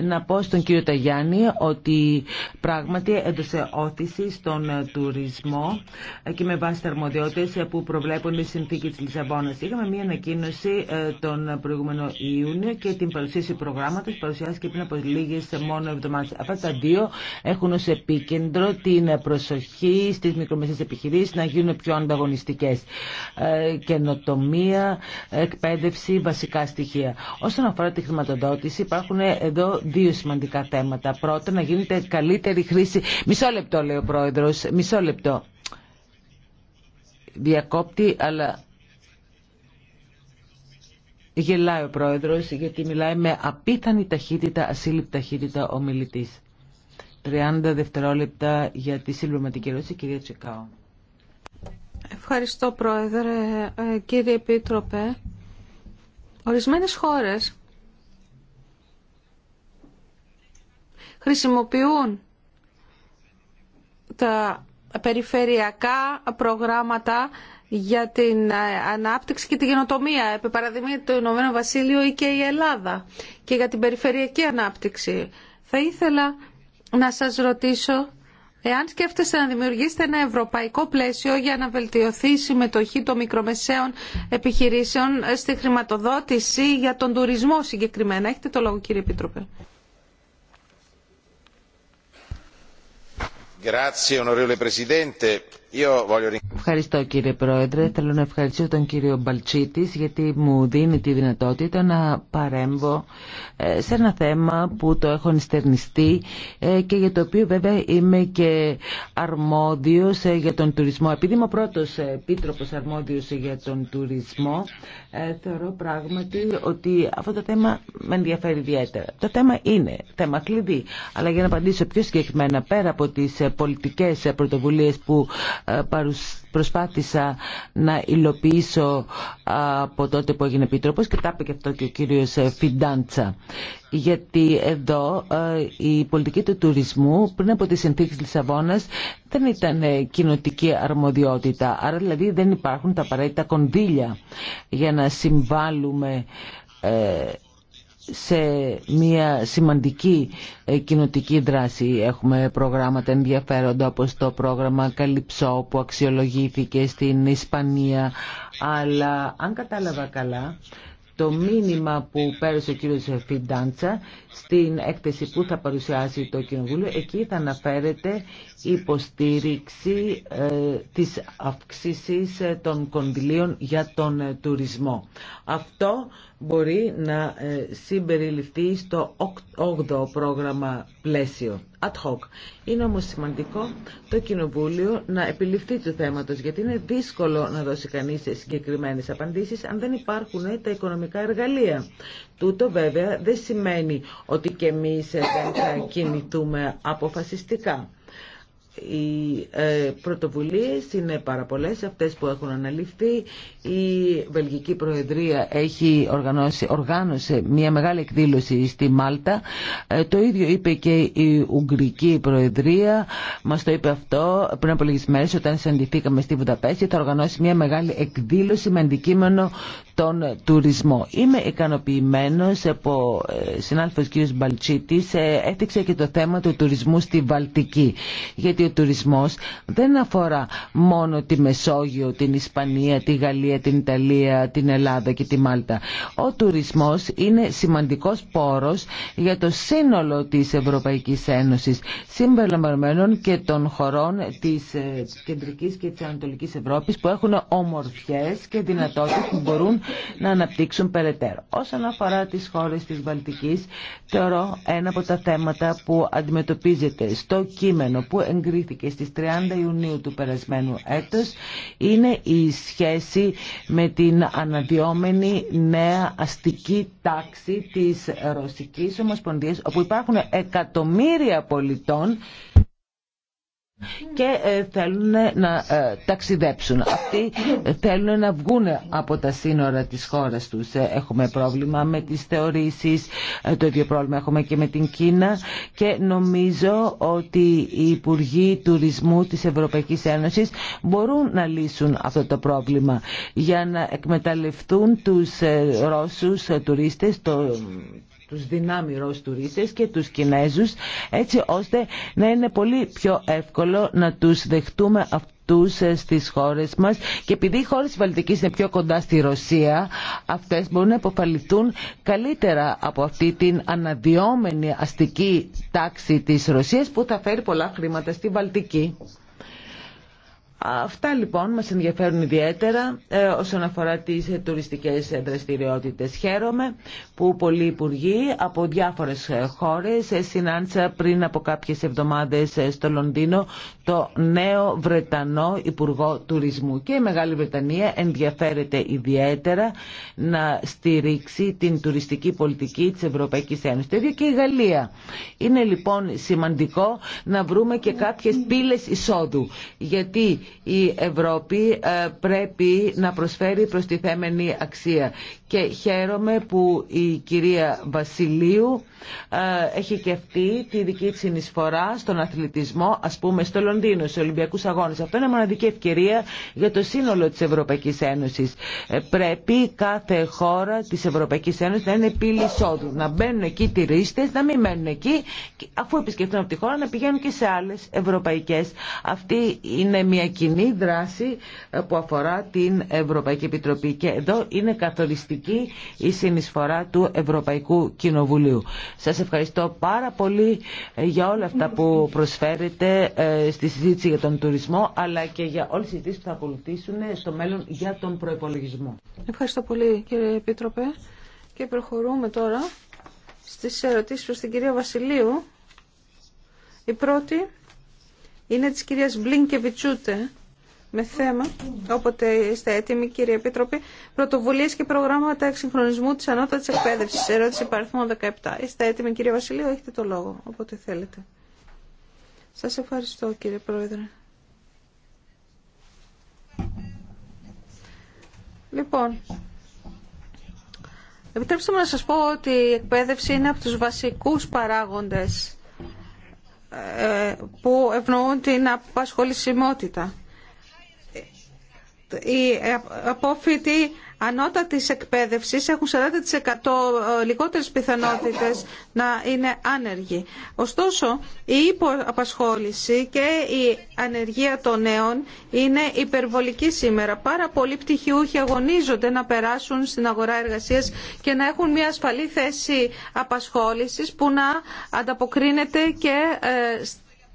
να πω στον κύριο Ταγιάννη ότι πράγματι έδωσε όθηση στον ε, τουρισμό ε, και με βάση τα αρμοδιότητες ε, που προβλέπουν οι συνθήκη τη Λισαβόνα. Είχαμε μία ανακοίνωση τον προηγούμενο Ιούνιο και την παρουσίαση προγράμματο. παρουσιάστηκε πριν από λίγε μόνο εβδομάδες. Αυτά τα δύο έχουν ω επίκεντρο την προσοχή στι μικρομεσαίες επιχειρήσει να γίνουν πιο ανταγωνιστικέ. Καινοτομία, εκπαίδευση, βασικά στοιχεία. Όσον αφορά τη χρηματοδότηση υπάρχουν εδώ δύο σημαντικά θέματα. Πρώτον, να γίνεται καλύτερη χρήση. Μισό λεπτό, λέει ο πρόεδρο. Μισό λεπτό. Διακόπτη, αλλά γελάει ο πρόεδρος γιατί μιλάει με απίθανη ταχύτητα, ασύλληπτη ταχύτητα ο μιλητή. 30 δευτερόλεπτα για τη συμπληρωματική ερώτηση, κυρία Τσεκάου. Ευχαριστώ πρόεδρε, ε, κύριε Επίτροπε. Ορισμένες χώρες χρησιμοποιούν τα περιφερειακά προγράμματα για την ε, ανάπτυξη και τη γενοτομία. Επί παραδειγμή το Ηνωμένο Βασίλειο ή και η Ελλάδα και για την περιφερειακή ανάπτυξη. Θα ήθελα να σας ρωτήσω εάν σκέφτεστε να δημιουργήσετε ένα ευρωπαϊκό πλαίσιο για να βελτιωθεί η συμμετοχή των μικρομεσαίων επιχειρήσεων στη χρηματοδότηση για τον τουρισμό συγκεκριμένα. Έχετε το λόγο κύριε Επίτροπε. Onorevole presidente io voglio Ευχαριστώ κύριε Πρόεδρε. Θέλω να ευχαριστήσω τον κύριο Μπαλτσίτης γιατί μου δίνει τη δυνατότητα να παρέμβω ε, σε ένα θέμα που το έχω ενστερνιστεί ε, και για το οποίο βέβαια είμαι και αρμόδιος ε, για τον τουρισμό. Επειδή είμαι ο πρώτος επίτροπος αρμόδιος για τον τουρισμό θεωρώ πράγματι ότι αυτό το θέμα με ενδιαφέρει ιδιαίτερα. Το θέμα είναι θέμα κλειδί. Αλλά για να απαντήσω πιο συγκεκριμένα πέρα από τις πολιτικές πρωτοβουλίες που Προσπάθησα να υλοποιήσω από τότε που έγινε επίτροπος και τα είπε και αυτό και ο κύριος ε, Φιντάντσα. Γιατί εδώ ε, η πολιτική του τουρισμού πριν από τις συνθήκες Λισαβόνας δεν ήταν ε, κοινοτική αρμοδιότητα. Άρα δηλαδή δεν υπάρχουν τα απαραίτητα κονδύλια για να συμβάλλουμε σε μια σημαντική ε, κοινοτική δράση. Έχουμε προγράμματα ενδιαφέροντα όπως το πρόγραμμα Καλυψό που αξιολογήθηκε στην Ισπανία. Αλλά αν κατάλαβα καλά, το μήνυμα που πέρασε ο κύριος Φιντάντσα στην έκθεση που θα παρουσιάσει το Κοινοβούλιο, εκεί θα αναφέρεται υποστήριξη ε, της αυξήσης ε, των κονδυλίων για τον ε, τουρισμό. Αυτό μπορεί να συμπεριληφθεί στο 8ο πρόγραμμα πλαίσιο, ad hoc. Είναι όμως σημαντικό το Κοινοβούλιο να επιληφθεί του θέματος, γιατί είναι δύσκολο να δώσει κανείς συγκεκριμένες απαντήσεις αν δεν υπάρχουν τα οικονομικά εργαλεία. Τούτο βέβαια δεν σημαίνει ότι και εμείς δεν θα κινηθούμε αποφασιστικά. Οι ε, πρωτοβουλίες είναι πάρα πολλές, αυτές που έχουν αναλυφθεί. Η Βελγική Προεδρία έχει οργανώσει, οργάνωσε μια μεγάλη εκδήλωση στη Μάλτα. Ε, το ίδιο είπε και η Ουγγρική Προεδρία. Μας το είπε αυτό πριν από λίγες μέρες όταν συναντηθήκαμε στη Βουδαπέστη. Θα οργανώσει μια μεγάλη εκδήλωση με αντικείμενο τον τουρισμό. Είμαι ικανοποιημένος από ε, συνάδελφος κ. Μπαλτσίτης ε, έθιξε και το θέμα του τουρισμού στη Βαλτική γιατί ο τουρισμός δεν αφορά μόνο τη Μεσόγειο, την Ισπανία, τη Γαλλία, την Ιταλία, την Ελλάδα και τη Μάλτα. Ο τουρισμός είναι σημαντικός πόρος για το σύνολο της Ευρωπαϊκής Ένωσης συμπεριλαμβανομένων και των χωρών της ε, Κεντρικής και της Ανατολικής Ευρώπης που έχουν ομορφιές και που μπορούν να αναπτύξουν περαιτέρω. Όσον αφορά τις χώρες της Βαλτικής, θεωρώ ένα από τα θέματα που αντιμετωπίζεται στο κείμενο που εγκρίθηκε στις 30 Ιουνίου του περασμένου έτος είναι η σχέση με την αναδυόμενη νέα αστική τάξη της Ρωσικής Ομοσπονδίας όπου υπάρχουν εκατομμύρια πολιτών και ε, θέλουν να ε, ταξιδέψουν. Αυτοί ε, θέλουν να βγουν από τα σύνορα της χώρας τους. Έχουμε πρόβλημα με τις θεωρήσεις, το ίδιο πρόβλημα έχουμε και με την Κίνα και νομίζω ότι οι Υπουργοί Τουρισμού της Ευρωπαϊκής Ένωσης μπορούν να λύσουν αυτό το πρόβλημα για να εκμεταλλευτούν τους Ρώσους τουρίστες το τους δυνάμει τουρίστες και τους Κινέζους έτσι ώστε να είναι πολύ πιο εύκολο να τους δεχτούμε αυτούς ε, στις χώρες μας και επειδή οι χώρες Βαλτικής είναι πιο κοντά στη Ρωσία αυτές μπορούν να υποφαληθούν καλύτερα από αυτή την αναδυόμενη αστική τάξη της Ρωσίας που θα φέρει πολλά χρήματα στη Βαλτική. Αυτά λοιπόν μας ενδιαφέρουν ιδιαίτερα ε, όσον αφορά τις ε, τουριστικές ε, δραστηριότητες. Χαίρομαι που πολλοί υπουργοί από διάφορες χώρες συνάντησαν πριν από κάποιες εβδομάδες στο Λονδίνο το νέο Βρετανό Υπουργό Τουρισμού. Και η Μεγάλη Βρετανία ενδιαφέρεται ιδιαίτερα να στηρίξει την τουριστική πολιτική της Ευρωπαϊκής Ένωσης. Το και η Γαλλία. Είναι λοιπόν σημαντικό να βρούμε και κάποιες πύλες εισόδου. Γιατί η Ευρώπη ε, πρέπει να προσφέρει προστιθέμενη αξία και χαίρομαι που η κυρία Βασιλείου ε, έχει και αυτή τη δική της συνεισφορά στον αθλητισμό, ας πούμε στο Λονδίνο, στους Ολυμπιακούς Αγώνες. Αυτό είναι μοναδική ευκαιρία για το σύνολο της Ευρωπαϊκής Ένωσης. Ε, πρέπει κάθε χώρα της Ευρωπαϊκής Ένωσης να είναι πύλη εισόδου, να μπαίνουν εκεί οι τυρίστες, να μην μένουν εκεί, αφού επισκεφτούν από τη χώρα να πηγαίνουν και σε άλλες ευρωπαϊκές. Αυτή είναι μια κοινή δράση ε, που αφορά την Ευρωπαϊκή Επιτροπή και εδώ είναι καθοριστική σημαντική η συνεισφορά του Ευρωπαϊκού Κοινοβουλίου. Σας ευχαριστώ πάρα πολύ ε, για όλα αυτά που προσφέρετε ε, στη συζήτηση για τον τουρισμό αλλά και για όλες τις συζητήσεις που θα ακολουθήσουν ε, στο μέλλον για τον προϋπολογισμό. Ευχαριστώ πολύ κύριε Επίτροπε και προχωρούμε τώρα στις ερωτήσεις προς την κυρία Βασιλείου. Η πρώτη είναι της κυρίας Μπλίνκεβιτσούτε με θέμα, όποτε είστε έτοιμοι κύριε Επίτροπη, πρωτοβουλίε και προγράμματα εξυγχρονισμού τη ανώτατη εκπαίδευση. Ερώτηση παριθμό 17. Είστε έτοιμοι κύριε Βασιλείο, έχετε το λόγο, όποτε θέλετε. Σας ευχαριστώ κύριε Πρόεδρε. Λοιπόν, επιτρέψτε μου να σας πω ότι η εκπαίδευση είναι από τους βασικούς παράγοντες ε, που ευνοούν την απασχολησιμότητα οι απόφοιτοι ανώτατης εκπαίδευσης έχουν 40% λιγότερες πιθανότητες να είναι άνεργοι. Ωστόσο, η υποαπασχόληση και η ανεργία των νέων είναι υπερβολική σήμερα. Πάρα πολλοί πτυχιούχοι αγωνίζονται να περάσουν στην αγορά εργασίας και να έχουν μια ασφαλή θέση απασχόλησης που να ανταποκρίνεται και ε,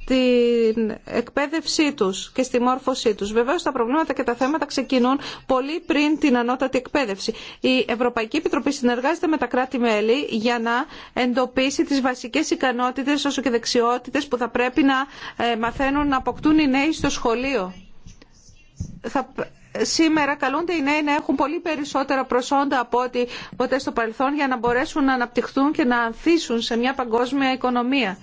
την εκπαίδευσή τους και στη μόρφωσή τους. Βεβαίως τα προβλήματα και τα θέματα ξεκινούν πολύ πριν την ανώτατη εκπαίδευση. Η Ευρωπαϊκή Επιτροπή συνεργάζεται με τα κράτη-μέλη για να εντοπίσει τις βασικές ικανότητες όσο και δεξιότητες που θα πρέπει να ε, μαθαίνουν να αποκτούν οι νέοι στο σχολείο. Θα σήμερα καλούνται οι νέοι να έχουν πολύ περισσότερα προσόντα από ό,τι ποτέ στο παρελθόν για να μπορέσουν να αναπτυχθούν και να ανθίσουν σε μια παγκόσμια οικονομία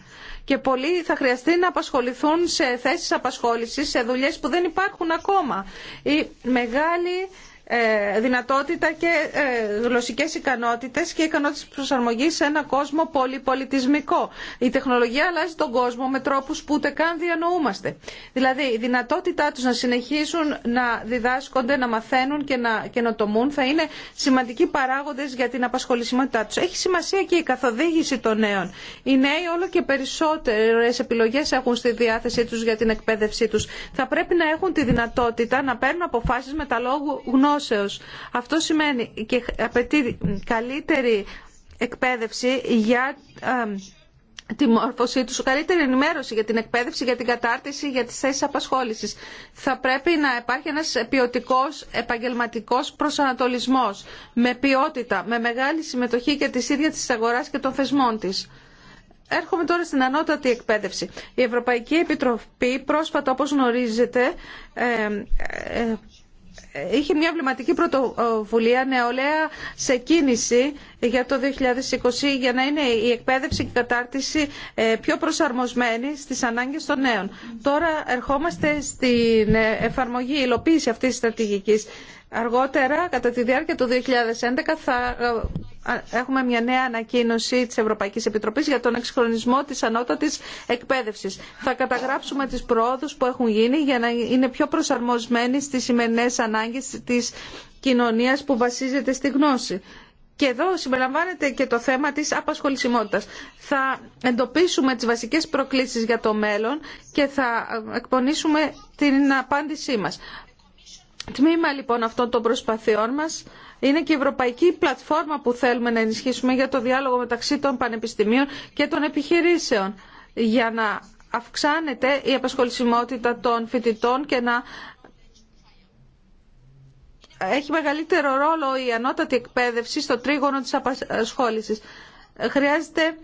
και πολλοί θα χρειαστεί να απασχοληθούν σε θέσεις απασχόλησης, σε δουλειές που δεν υπάρχουν ακόμα. Η μεγάλη ε, δυνατότητα και ε, γλωσσικές ικανότητες και ικανότητες προσαρμογής σε ένα κόσμο πολυπολιτισμικό. Η τεχνολογία αλλάζει τον κόσμο με τρόπους που ούτε καν διανοούμαστε. Δηλαδή η δυνατότητά τους να συνεχίσουν να διδάσκονται, να μαθαίνουν και να καινοτομούν θα είναι σημαντικοί παράγοντες για την απασχολησιμότητά τους. Έχει σημασία και η καθοδήγηση των νέων. Οι νέοι όλο και περισσότερες επιλογές έχουν στη διάθεσή τους για την εκπαίδευσή τους. Θα πρέπει να έχουν τη δυνατότητα να παίρνουν αποφάσεις με τα λόγου γνώση αυτό σημαίνει και απαιτεί καλύτερη εκπαίδευση για τη μόρφωσή τους, καλύτερη ενημέρωση για την εκπαίδευση, για την κατάρτιση, για τις θέσεις απασχόλησης. Θα πρέπει να υπάρχει ένας ποιοτικό επαγγελματικός προσανατολισμός, με ποιότητα, με μεγάλη συμμετοχή και τη ίδια της αγοράς και των θεσμών της. Έρχομαι τώρα στην ανώτατη εκπαίδευση. Η Ευρωπαϊκή Επιτροπή πρόσφατα, όπως γνωρίζετε, ε, είχε μια βληματική πρωτοβουλία νεολαία σε κίνηση για το 2020 για να είναι η εκπαίδευση και η κατάρτιση ε, πιο προσαρμοσμένη στις ανάγκες των νέων. Τώρα ερχόμαστε στην ε, εφαρμογή, υλοποίηση αυτής της στρατηγικής. Αργότερα, κατά τη διάρκεια του 2011, θα ε, έχουμε μια νέα ανακοίνωση της Ευρωπαϊκής Επιτροπής για τον εξυγχρονισμό της ανώτατης εκπαίδευσης. Θα καταγράψουμε τις προόδους που έχουν γίνει για να είναι πιο προσαρμοσμένοι στις σημερινές ανάγκες της κοινωνίας που βασίζεται στη γνώση. Και εδώ συμπεριλαμβάνεται και το θέμα της απασχολησιμότητας. Θα εντοπίσουμε τις βασικές προκλήσεις για το μέλλον και θα εκπονήσουμε την απάντησή μας. Τμήμα λοιπόν αυτών των προσπαθειών μας είναι και η ευρωπαϊκή πλατφόρμα που θέλουμε να ενισχύσουμε για το διάλογο μεταξύ των πανεπιστημίων και των επιχειρήσεων για να αυξάνεται η απασχολησιμότητα των φοιτητών και να έχει μεγαλύτερο ρόλο η ανώτατη εκπαίδευση στο τρίγωνο της απασχόλησης. Χρειάζεται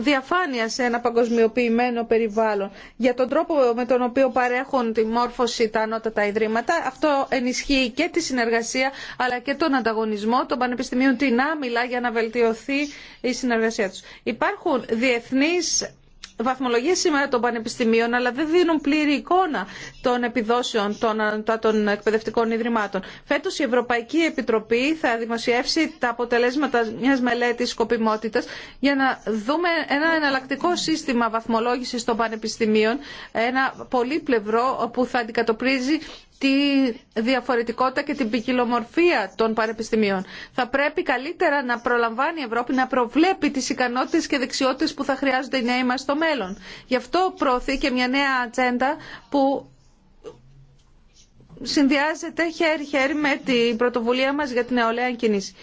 διαφάνεια σε ένα παγκοσμιοποιημένο περιβάλλον. Για τον τρόπο με τον οποίο παρέχουν τη μόρφωση τα ανώτατα ιδρύματα, αυτό ενισχύει και τη συνεργασία αλλά και τον ανταγωνισμό των πανεπιστημίων την άμυλα για να βελτιωθεί η συνεργασία τους. Υπάρχουν διεθνείς βαθμολογίες σήμερα των πανεπιστημίων, αλλά δεν δίνουν πλήρη εικόνα των επιδόσεων των, εκπαιδευτικών ιδρυμάτων. Φέτος η Ευρωπαϊκή Επιτροπή θα δημοσιεύσει τα αποτελέσματα μιας μελέτης σκοπιμότητας για να δούμε ένα εναλλακτικό σύστημα βαθμολόγηση των πανεπιστημίων, ένα πολύπλευρο που θα αντικατοπρίζει τη διαφορετικότητα και την ποικιλομορφία των πανεπιστημίων. Θα πρέπει καλύτερα να προλαμβάνει η Ευρώπη να προβλέπει τις ικανότητες και δεξιότητες που θα χρειάζονται οι νέοι μας στο μέλλον. Γι' αυτό προωθεί και μια νέα ατζέντα που συνδυάζεται χέρι-χέρι με την πρωτοβουλία μας για την νεολαία κίνηση.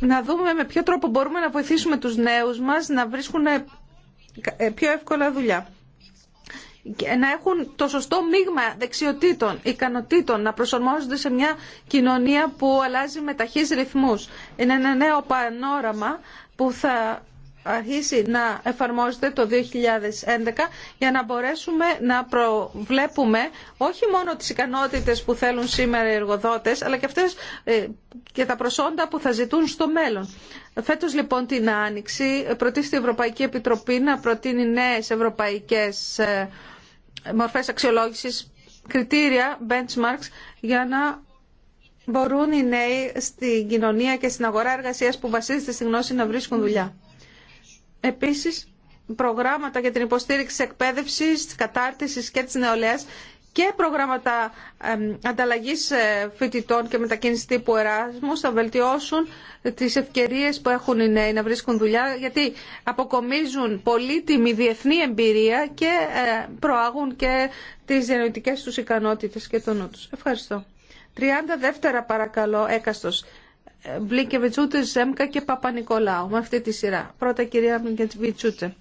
Να δούμε με ποιο τρόπο μπορούμε να βοηθήσουμε τους νέους μας να βρίσκουν ε, πιο εύκολα δουλειά να έχουν το σωστό μείγμα δεξιοτήτων, ικανοτήτων, να προσαρμόζονται σε μια κοινωνία που αλλάζει με ταχύς ρυθμούς. Είναι ένα νέο πανόραμα που θα αρχίσει να εφαρμόζεται το 2011 για να μπορέσουμε να προβλέπουμε όχι μόνο τις ικανότητες που θέλουν σήμερα οι εργοδότες αλλά και αυτές ε, και τα προσόντα που θα ζητούν στο μέλλον. Φέτος λοιπόν την Άνοιξη προτίθεται η Ευρωπαϊκή Επιτροπή να προτείνει νέες ευρωπαϊκές ε, μορφές αξιολόγησης, κριτήρια, benchmarks για να μπορούν οι νέοι στην κοινωνία και στην αγορά εργασίας που βασίζεται στη γνώση να βρίσκουν δουλειά. Επίσης, προγράμματα για την υποστήριξη της εκπαίδευσης, της κατάρτισης και της νεολαίας και προγράμματα ανταλλαγής ε, φοιτητών και μετακίνησης τύπου Εράσμους θα βελτιώσουν τις ευκαιρίες που έχουν οι νέοι να βρίσκουν δουλειά γιατί αποκομίζουν πολύτιμη διεθνή εμπειρία και ε, προάγουν και τις διανοητικές τους ικανότητες και τον νου τους. Ευχαριστώ. δεύτερα παρακαλώ Μπλίνκεβιτσούτε, Ζέμκα και Παπα-Νικολάου. Με αυτή τη σειρά. Πρώτα κυρία Μπλίνκεβιτσούτε.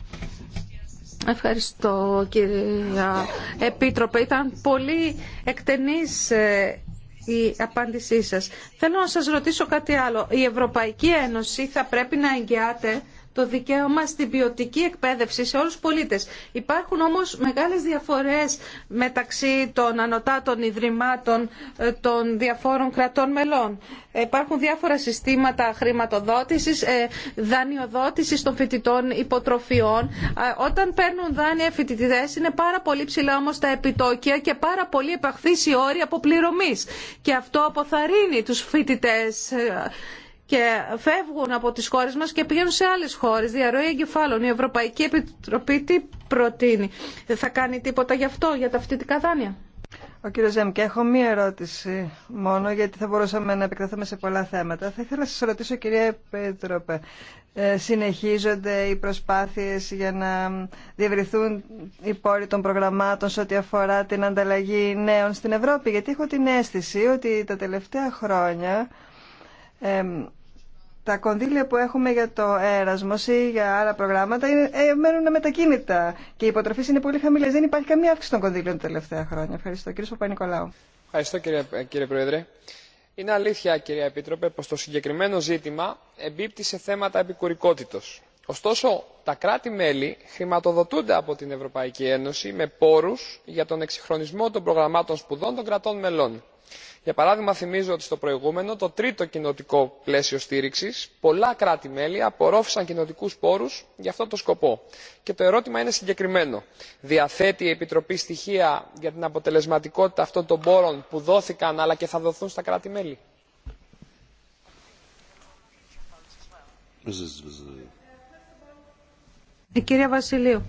Ευχαριστώ κυρία Επίτροπε. Ήταν πολύ εκτενής ε, η απάντησή σας. Θέλω να σας ρωτήσω κάτι άλλο. Η Ευρωπαϊκή Ένωση θα πρέπει να εγγυάται το δικαίωμα στην ποιοτική εκπαίδευση σε όλους τους πολίτες. Υπάρχουν όμως μεγάλες διαφορές μεταξύ των ανωτάτων ιδρυμάτων ε, των διαφόρων κρατών μελών. Ε, υπάρχουν διάφορα συστήματα χρηματοδότησης, ε, δανειοδότησης των φοιτητών υποτροφιών. Όταν παίρνουν δάνεια φοιτητέ είναι πάρα πολύ ψηλά όμως τα επιτόκια και πάρα πολύ επαχθείς οι όροι αποπληρωμής. Και αυτό αποθαρρύνει τους φοιτητές και φεύγουν από τις χώρες μας και πηγαίνουν σε άλλες χώρες. Διαρροή εγκεφάλων. Η Ευρωπαϊκή Επιτροπή τι προτείνει. δεν Θα κάνει τίποτα γι' αυτό, για τα φοιτητικά δάνεια. Ο κύριος Ζέμκε, έχω μία ερώτηση μόνο, γιατί θα μπορούσαμε να επεκταθούμε σε πολλά θέματα. Θα ήθελα να σας ρωτήσω, κυρία Επίτροπε, ε, συνεχίζονται οι προσπάθειες για να διευρυθούν οι πόροι των προγραμμάτων σε ό,τι αφορά την ανταλλαγή νέων στην Ευρώπη. Γιατί έχω την αίσθηση ότι τα τελευταία χρόνια... Ε, τα κονδύλια που έχουμε για το έρασμο ή για άλλα προγράμματα είναι, ε, μένουν μετακίνητα και οι υποτροφή είναι πολύ χαμηλέ. Δεν υπάρχει καμία αύξηση των κονδύλιων τα τελευταία χρόνια. Ευχαριστώ. Κύριε Παπα-Νικολάου. Ευχαριστώ κύριε, ε, κύριε Πρόεδρε. Είναι αλήθεια, κυρία Επίτροπε, πω το συγκεκριμένο ζήτημα εμπίπτει σε θέματα επικουρικότητο. Ωστόσο, τα κράτη-μέλη χρηματοδοτούνται από την Ευρωπαϊκή Ένωση με πόρου για τον εξυγχρονισμό των προγραμμάτων σπουδών των κρατών μελών για παράδειγμα θυμίζω ότι στο προηγούμενο το τρίτο κοινοτικό πλαίσιο στήριξη πολλά κράτη μέλη απορρόφησαν κοινοτικού πόρου για αυτό το σκοπό και το ερώτημα είναι συγκεκριμένο διαθέτει η επιτροπή στοιχεία για την αποτελεσματικότητα αυτών των πόρων που δόθηκαν αλλά και θα δοθούν στα κράτη μέλη. Η κυρία Βασιλείου,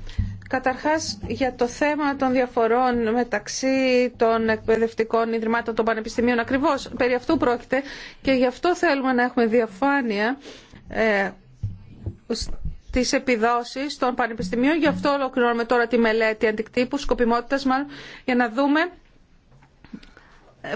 καταρχάς για το θέμα των διαφορών μεταξύ των εκπαιδευτικών ιδρυμάτων των πανεπιστημίων ακριβώς περί αυτού πρόκειται και γι' αυτό θέλουμε να έχουμε διαφάνεια ε, τις επιδόσεις των πανεπιστημίων. Γι' αυτό ολοκληρώνουμε τώρα τη μελέτη αντικτύπου, σκοπιμότητας μάλλον, για να δούμε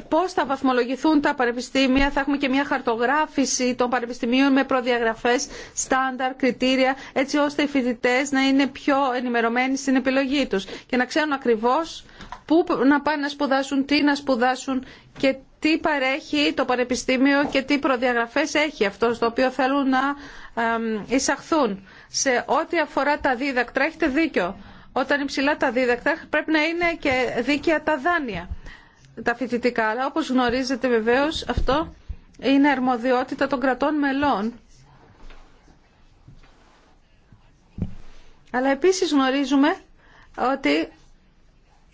πώς θα βαθμολογηθούν τα πανεπιστήμια, θα έχουμε και μια χαρτογράφηση των πανεπιστημίων με προδιαγραφές, στάνταρ, κριτήρια, έτσι ώστε οι φοιτητέ να είναι πιο ενημερωμένοι στην επιλογή τους και να ξέρουν ακριβώς πού να πάνε να σπουδάσουν, τι να σπουδάσουν και τι παρέχει το πανεπιστήμιο και τι προδιαγραφές έχει αυτό το οποίο θέλουν να εισαχθούν. Σε ό,τι αφορά τα δίδακτρα έχετε δίκιο. Όταν υψηλά τα δίδακτρα πρέπει να είναι και δίκαια τα δάνεια τα φοιτητικά. Αλλά όπως γνωρίζετε βεβαίως αυτό είναι αρμοδιότητα των κρατών μελών. Αλλά επίσης γνωρίζουμε ότι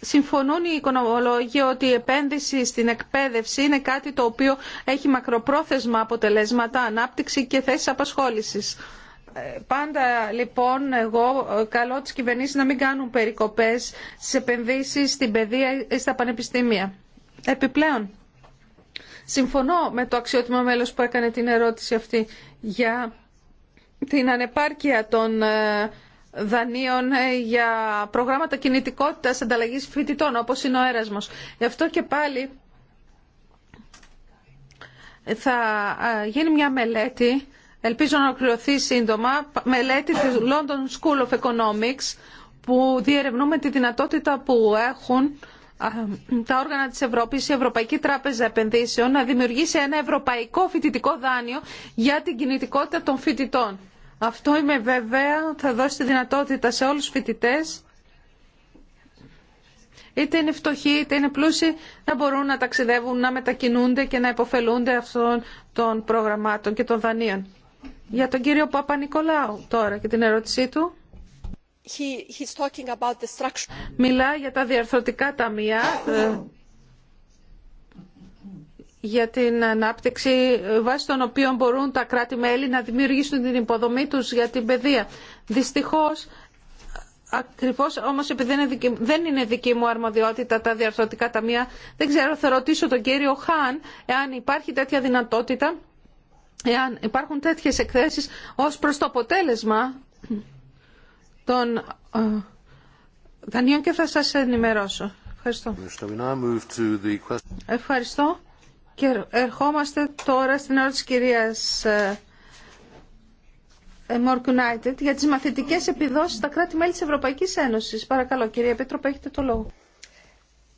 συμφωνούν οι οικονομολόγοι ότι η επένδυση στην εκπαίδευση είναι κάτι το οποίο έχει μακροπρόθεσμα αποτελέσματα, ανάπτυξη και θέσεις απασχόλησης. Ε, πάντα λοιπόν εγώ καλώ τις κυβερνήσεις να μην κάνουν περικοπές στις επενδύσεις στην παιδεία ή στα πανεπιστήμια. Επιπλέον, συμφωνώ με το αξιότιμο μέλος που έκανε την ερώτηση αυτή για την ανεπάρκεια των ε, δανείων ε, για προγράμματα κινητικότητας ανταλλαγής φοιτητών, όπως είναι ο Έρασμος. Γι' αυτό και πάλι θα ε, γίνει μια μελέτη, ελπίζω να ολοκληρωθεί σύντομα, μελέτη της London School of Economics, που διερευνούμε τη δυνατότητα που έχουν τα όργανα της Ευρώπης, η Ευρωπαϊκή Τράπεζα Επενδύσεων, να δημιουργήσει ένα ευρωπαϊκό φοιτητικό δάνειο για την κινητικότητα των φοιτητών. Αυτό είμαι βέβαια θα δώσει τη δυνατότητα σε όλους τους φοιτητές, είτε είναι φτωχοί είτε είναι πλούσιοι, να μπορούν να ταξιδεύουν, να μετακινούνται και να υποφελούνται αυτών των προγραμμάτων και των δανείων. Για τον κύριο Παπα-Νικολάου τώρα και την ερώτησή του. Μιλά για τα διαρθρωτικά ταμεία, ε, για την ανάπτυξη ε, βάσει των οποίων μπορούν τα κράτη-μέλη να δημιουργήσουν την υποδομή τους για την παιδεία. Δυστυχώς, ακριβώς όμως επειδή δεν είναι δική μου αρμοδιότητα τα διαρθρωτικά ταμεία, δεν ξέρω, θα ρωτήσω τον κύριο Χάν εάν υπάρχει τέτοια δυνατότητα, εάν υπάρχουν τέτοιες εκθέσεις ως προς το αποτέλεσμα των ε, δανείων και θα σας ενημερώσω. Ευχαριστώ. Ευχαριστώ. Και ερχόμαστε τώρα στην ώρα της κυρίας ε, ε, Mork United για τις μαθητικές επιδόσεις στα κράτη-μέλη της Ευρωπαϊκής Ένωσης. Παρακαλώ, κυρία Πέτροπα, έχετε το λόγο.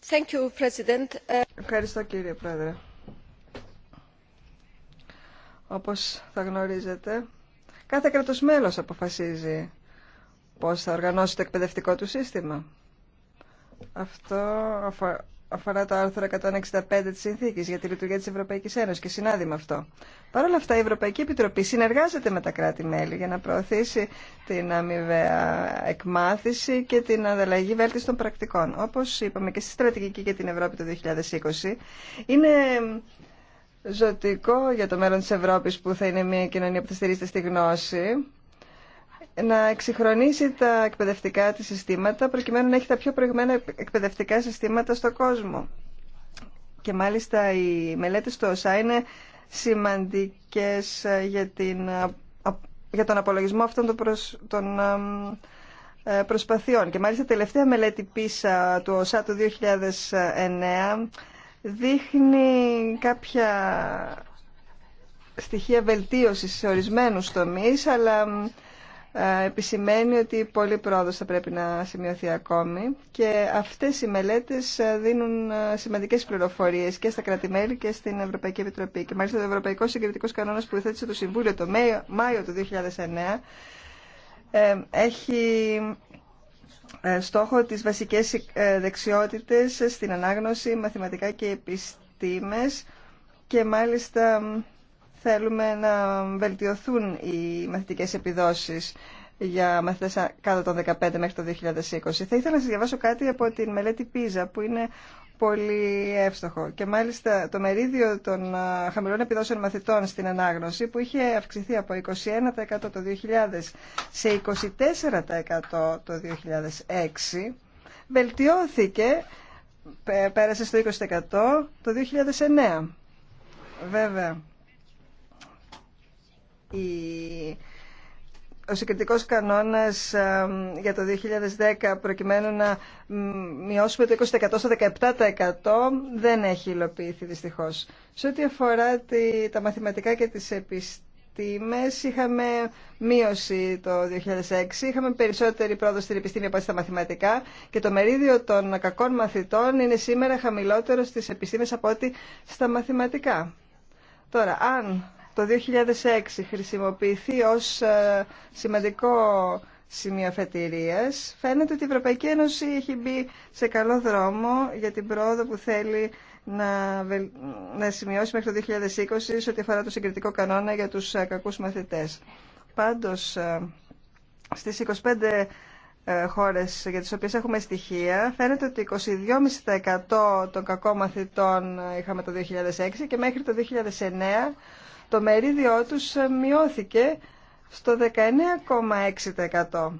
Thank you, President. Ευχαριστώ, κύριε Πρόεδρε. Όπως θα γνωρίζετε, κάθε κράτος μέλος αποφασίζει πώς θα οργανώσει το εκπαιδευτικό του σύστημα. Αυτό αφορά το άρθρο 165 της Συνθήκης για τη λειτουργία της Ευρωπαϊκής Ένωσης και συνάδει με αυτό. Παρ' όλα αυτά η Ευρωπαϊκή Επιτροπή συνεργάζεται με τα κράτη-μέλη για να προωθήσει την αμοιβαία εκμάθηση και την ανταλλαγή βέλτιση των πρακτικών. Όπως είπαμε και στη στρατηγική για την Ευρώπη το 2020 είναι ζωτικό για το μέλλον της Ευρώπης που θα είναι μια κοινωνία που θα στηρίζεται στη γνώση να εξυγχρονίσει τα εκπαιδευτικά της συστήματα προκειμένου να έχει τα πιο προηγμένα εκπαιδευτικά συστήματα στον κόσμο. Και μάλιστα οι μελέτες του ΩΣΑ είναι σημαντικές ε, για, ε, για τον απολογισμό αυτών των, προσ, ε, προσπαθειών. Και μάλιστα η τελευταία μελέτη πίσα του ΩΣΑ του 2009 δείχνει κάποια στοιχεία βελτίωσης σε ορισμένους τομείς, αλλά ε, επισημαίνει ότι πολλή πρόοδος θα πρέπει να σημειωθεί ακόμη και αυτές οι μελέτες ε, δίνουν ε, σημαντικές πληροφορίες και στα κρατημέλη και στην Ευρωπαϊκή Επιτροπή. Και μάλιστα το Ευρωπαϊκό Συγκριτικός Κανόνας που υθέτησε το Συμβούλιο το Μάιο του 2009 έχει στόχο τις βασικές δεξιότητες στην ανάγνωση, μαθηματικά και επιστήμες και μάλιστα Θέλουμε να βελτιωθούν οι μαθητικές επιδόσεις για μαθητές κάτω των 15 μέχρι το 2020. Θα ήθελα να σας διαβάσω κάτι από την μελέτη PISA που είναι πολύ εύστοχο. Και μάλιστα το μερίδιο των χαμηλών επιδόσεων μαθητών στην ανάγνωση που είχε αυξηθεί από 21% το 2000 σε 24% το 2006 βελτιώθηκε, πέρασε στο 20% το 2009. Βέβαια, ο συγκριτικό κανόνας για το 2010 προκειμένου να μειώσουμε το 20% στο 17% δεν έχει υλοποιηθεί δυστυχώς. Σε ό,τι αφορά τη, τα μαθηματικά και τις επιστήμες είχαμε μείωση το 2006, είχαμε περισσότερη πρόοδο στην επιστήμη από στα μαθηματικά και το μερίδιο των κακών μαθητών είναι σήμερα χαμηλότερο στις επιστήμες από ό,τι στα μαθηματικά. Τώρα, αν το 2006 χρησιμοποιηθεί ως ε, σημαντικό σημείο αφετηρίας, φαίνεται ότι η Ευρωπαϊκή Ένωση έχει μπει σε καλό δρόμο για την πρόοδο που θέλει να, σημειώσει μέχρι το 2020 σε ό,τι αφορά το συγκριτικό κανόνα για τους ε, κακούς μαθητές. Πάντως, ε, στις 25 χώρες για τις οποίες έχουμε στοιχεία φαίνεται ότι 22,5% των κακών μαθητών είχαμε το 2006 και μέχρι το 2009 το μερίδιό τους ε, μειώθηκε στο 19,6%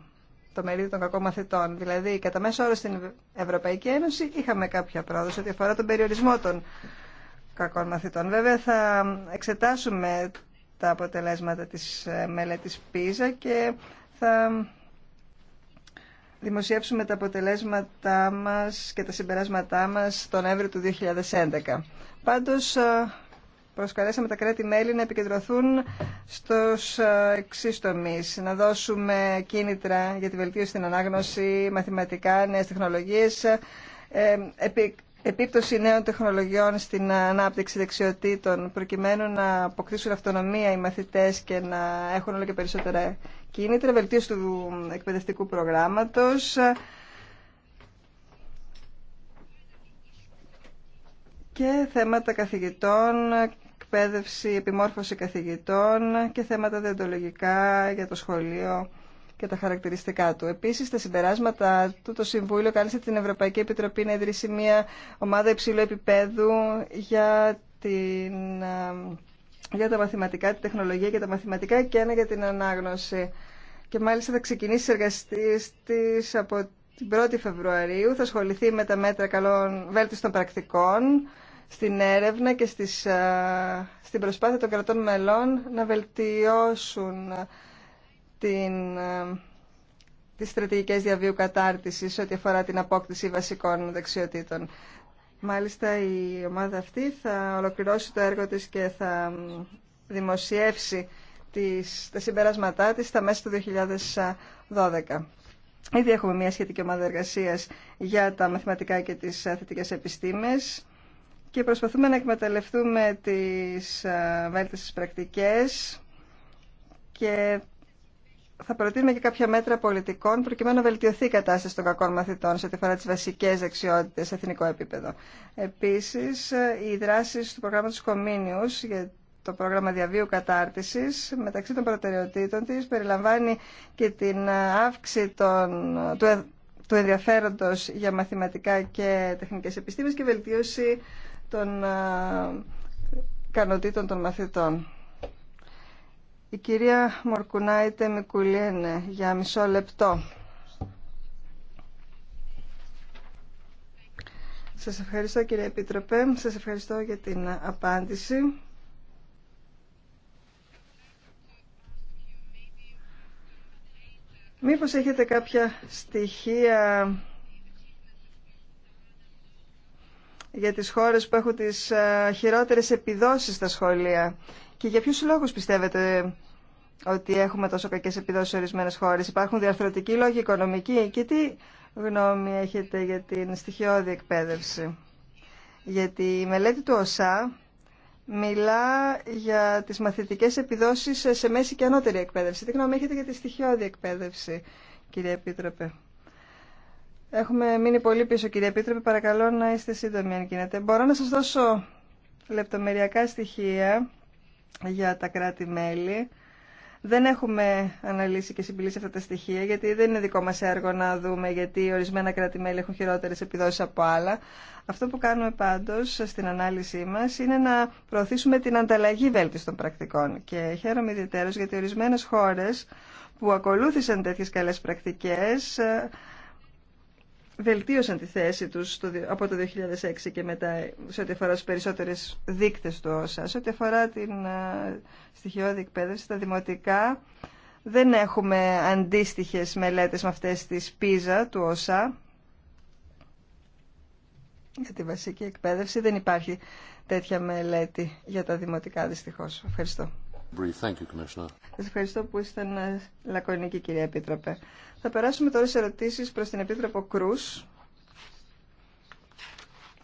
το μερίδιο των κακών μαθητών. Δηλαδή, κατά μέσο όρο στην Ευρωπαϊκή Ένωση είχαμε κάποια πρόοδο ό,τι αφορά τον περιορισμό των κακών μαθητών. Βέβαια, θα εξετάσουμε τα αποτελέσματα της ε, μελέτης PISA και θα δημοσιεύσουμε τα αποτελέσματά μας και τα συμπεράσματά μας τον έβριο του 2011. Πάντως, ε, προσκαλέσαμε τα κράτη-μέλη να επικεντρωθούν στους ε, εξή τομεί. Να δώσουμε κίνητρα για τη βελτίωση στην ανάγνωση, μαθηματικά, νέες τεχνολογίες, ε, επίπτωση νέων τεχνολογιών στην ανάπτυξη δεξιοτήτων, προκειμένου να αποκτήσουν αυτονομία οι μαθητές και να έχουν όλο και περισσότερα κίνητρα, βελτίωση του εκπαιδευτικού προγράμματος, ε, και θέματα καθηγητών εκπαίδευση, επιμόρφωση καθηγητών και θέματα διοντολογικά για το σχολείο και τα χαρακτηριστικά του. Επίση, στα συμπεράσματα του, το Συμβούλιο κάλεσε την Ευρωπαϊκή Επιτροπή να ιδρύσει μια ομάδα υψηλού επίπεδου για, την, ε, για τα μαθηματικά, τη τεχνολογία και τα μαθηματικά και ένα για την ανάγνωση. Και μάλιστα θα ξεκινήσει τι από την 1η Φεβρουαρίου. Θα ασχοληθεί με τα μέτρα καλών βέλτιστων πρακτικών στην έρευνα και στις, ε, στην προσπάθεια των κρατών μελών να βελτιώσουν ε, την, ε, τις στρατηγικές διαβίου κατάρτισης ό,τι αφορά την απόκτηση βασικών δεξιοτήτων. Μάλιστα η ομάδα αυτή θα ολοκληρώσει το έργο της και θα δημοσιεύσει τις, τα συμπεράσματά της στα μέσα του 2012. Ήδη έχουμε μια σχετική ομάδα εργασίας για τα μαθηματικά και τις θετικές επιστήμες και προσπαθούμε να εκμεταλλευτούμε τις ε, βέλτιστες πρακτικές και θα προτείνουμε και κάποια μέτρα πολιτικών προκειμένου να βελτιωθεί η κατάσταση των κακών μαθητών σε ό,τι αφορά τι βασικέ δεξιότητε σε εθνικό επίπεδο. Επίση, ε, οι δράσει του προγράμματο Κομίνιου για το πρόγραμμα διαβίου κατάρτιση, μεταξύ των προτεραιοτήτων τη, περιλαμβάνει και την αύξηση των, του, ε, του ενδιαφέροντο για μαθηματικά και τεχνικέ επιστήμες και βελτίωση των ικανοτήτων των μαθητών. Η κυρία Μορκουνάιτε Μικουλένε για μισό λεπτό. Σας ευχαριστώ κύριε Επίτροπε, σας ευχαριστώ για την απάντηση. Μήπως έχετε κάποια στοιχεία για τις χώρες που έχουν τις ε, χειρότερες επιδόσεις στα σχολεία. Και για ποιους λόγους πιστεύετε ότι έχουμε τόσο κακές επιδόσεις σε ορισμένες χώρες. Υπάρχουν διαρθρωτικοί λόγοι, οικονομικοί και τι γνώμη έχετε για την στοιχειώδη εκπαίδευση. Γιατί η μελέτη του ΟΣΑ μιλά για τις μαθητικές επιδόσεις σε μέση και ανώτερη εκπαίδευση. Τι γνώμη έχετε για τη στοιχειώδη εκπαίδευση, κύριε Επίτροπε. Έχουμε μείνει πολύ πίσω, κύριε Επίτροπε. Παρακαλώ να είστε σύντομοι, αν γίνεται. Μπορώ να σα δώσω λεπτομεριακά στοιχεία για τα κράτη-μέλη. Δεν έχουμε αναλύσει και συμπληρώσει αυτά τα στοιχεία, γιατί δεν είναι δικό μα έργο να δούμε γιατί ορισμένα κράτη-μέλη έχουν χειρότερε επιδόσει από άλλα. Αυτό που κάνουμε πάντως στην ανάλυση μα είναι να προωθήσουμε την ανταλλαγή βέλτιστων πρακτικών. Και χαίρομαι ιδιαίτερω γιατί ορισμένε χώρε που ακολούθησαν τέτοιε καλέ πρακτικέ βελτίωσαν τη θέση τους από το 2006 και μετά σε ό,τι αφορά τους περισσότερες δείκτες του όσα. Σε ό,τι αφορά την ε, στοιχειώδη εκπαίδευση, τα δημοτικά δεν έχουμε αντίστοιχες μελέτες με αυτές της πίζα του όσα. Για τη βασική εκπαίδευση δεν υπάρχει τέτοια μελέτη για τα δημοτικά δυστυχώς. Ευχαριστώ. Thank Σας ευχαριστώ που ήσασταν ε, λακωνική, κυρία Επίτροπε. Θα περάσουμε τώρα σε ερωτήσεις προς την Επίτροπο Κρούς.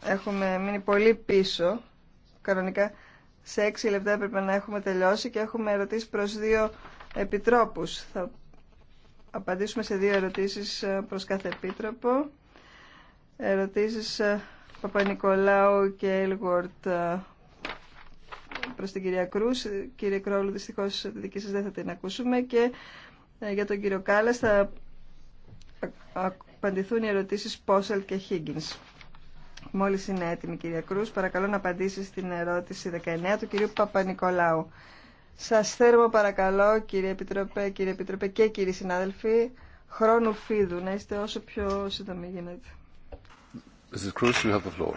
Έχουμε μείνει πολύ πίσω. Κανονικά σε έξι λεπτά έπρεπε να έχουμε τελειώσει και έχουμε ερωτήσεις προς δύο επιτρόπους. Θα απαντήσουμε σε δύο ερωτήσεις ε, προς κάθε επίτροπο. Ερωτήσεις ε, Παπα-Νικολάου και Ελγόρτ προς την κυρία Κρούς. Κύριε Κρόλου, δυστυχώς τη δική σας δεν θα την ακούσουμε και ε, για τον κύριο Κάλλας θα απαντηθούν οι ερωτήσεις Πόσελ και Χίγγινς. Μόλις είναι έτοιμη η κυρία Κρούς, παρακαλώ να απαντήσει στην ερώτηση 19 του κυρίου Παπα-Νικολάου. Σας θέρμο παρακαλώ κύριε Επιτροπέ, κύριε Επιτροπέ και κύριοι συνάδελφοι, χρόνου φίδου, να είστε όσο πιο σύντομοι γίνεται. Mrs. Cruz, you have the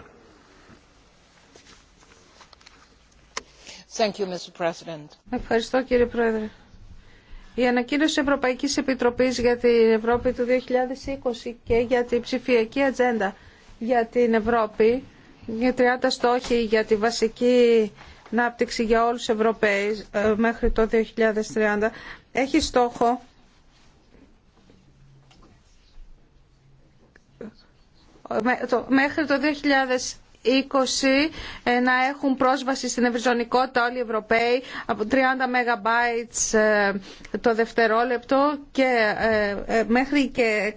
Ευχαριστώ κύριε Πρόεδρε. Η ανακοίνωση Ευρωπαϊκής Επιτροπής για την Ευρώπη του 2020 και για την ψηφιακή ατζέντα για την Ευρώπη, για 30 στόχοι για τη βασική ανάπτυξη για όλους τους Ευρωπαίους ε, μέχρι το 2030, έχει στόχο μέχρι το ε, να έχουν πρόσβαση στην ευρυζωνικότητα όλοι οι Ευρωπαίοι από 30 MB ε, το δευτερόλεπτο και ε, μέχρι και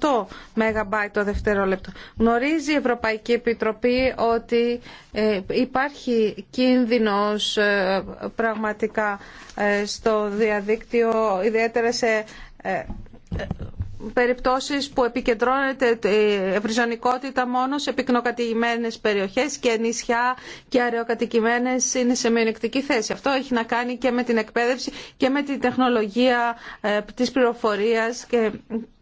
100 MB το δευτερόλεπτο. Γνωρίζει η Ευρωπαϊκή Επιτροπή ότι υπάρχει κίνδυνος πραγματικά στο διαδίκτυο, ιδιαίτερα σε περιπτώσεις που επικεντρώνεται η ευρυζωνικότητα μόνο σε πυκνοκατοικημένες περιοχές και νησιά και αεροκατοικημένες είναι σε μειονεκτική θέση. Αυτό έχει να κάνει και με την εκπαίδευση και με την τεχνολογία ε, της πληροφορίας και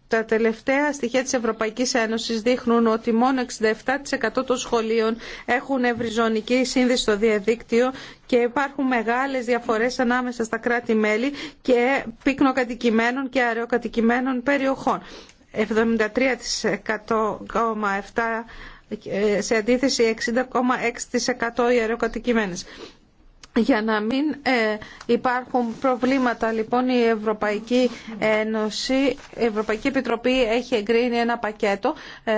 τα τελευταία στοιχεία της Ευρωπαϊκής Ένωσης δείχνουν ότι μόνο 67% των σχολείων έχουν ευρυζωνική σύνδεση στο διαδίκτυο και υπάρχουν μεγάλες διαφορές ανάμεσα στα κράτη-μέλη και πυκνοκατοικημένων και αεροκατοικημένων περιοχών. 73% ε, σε αντίθεση 60,6% οι αεροκατοικημένες. Για να μην ε, υπάρχουν προβλήματα, λοιπόν, η Ευρωπαϊκή Ένωση, η Ευρωπαϊκή Επιτροπή έχει εγκρίνει ένα πακέτο ε,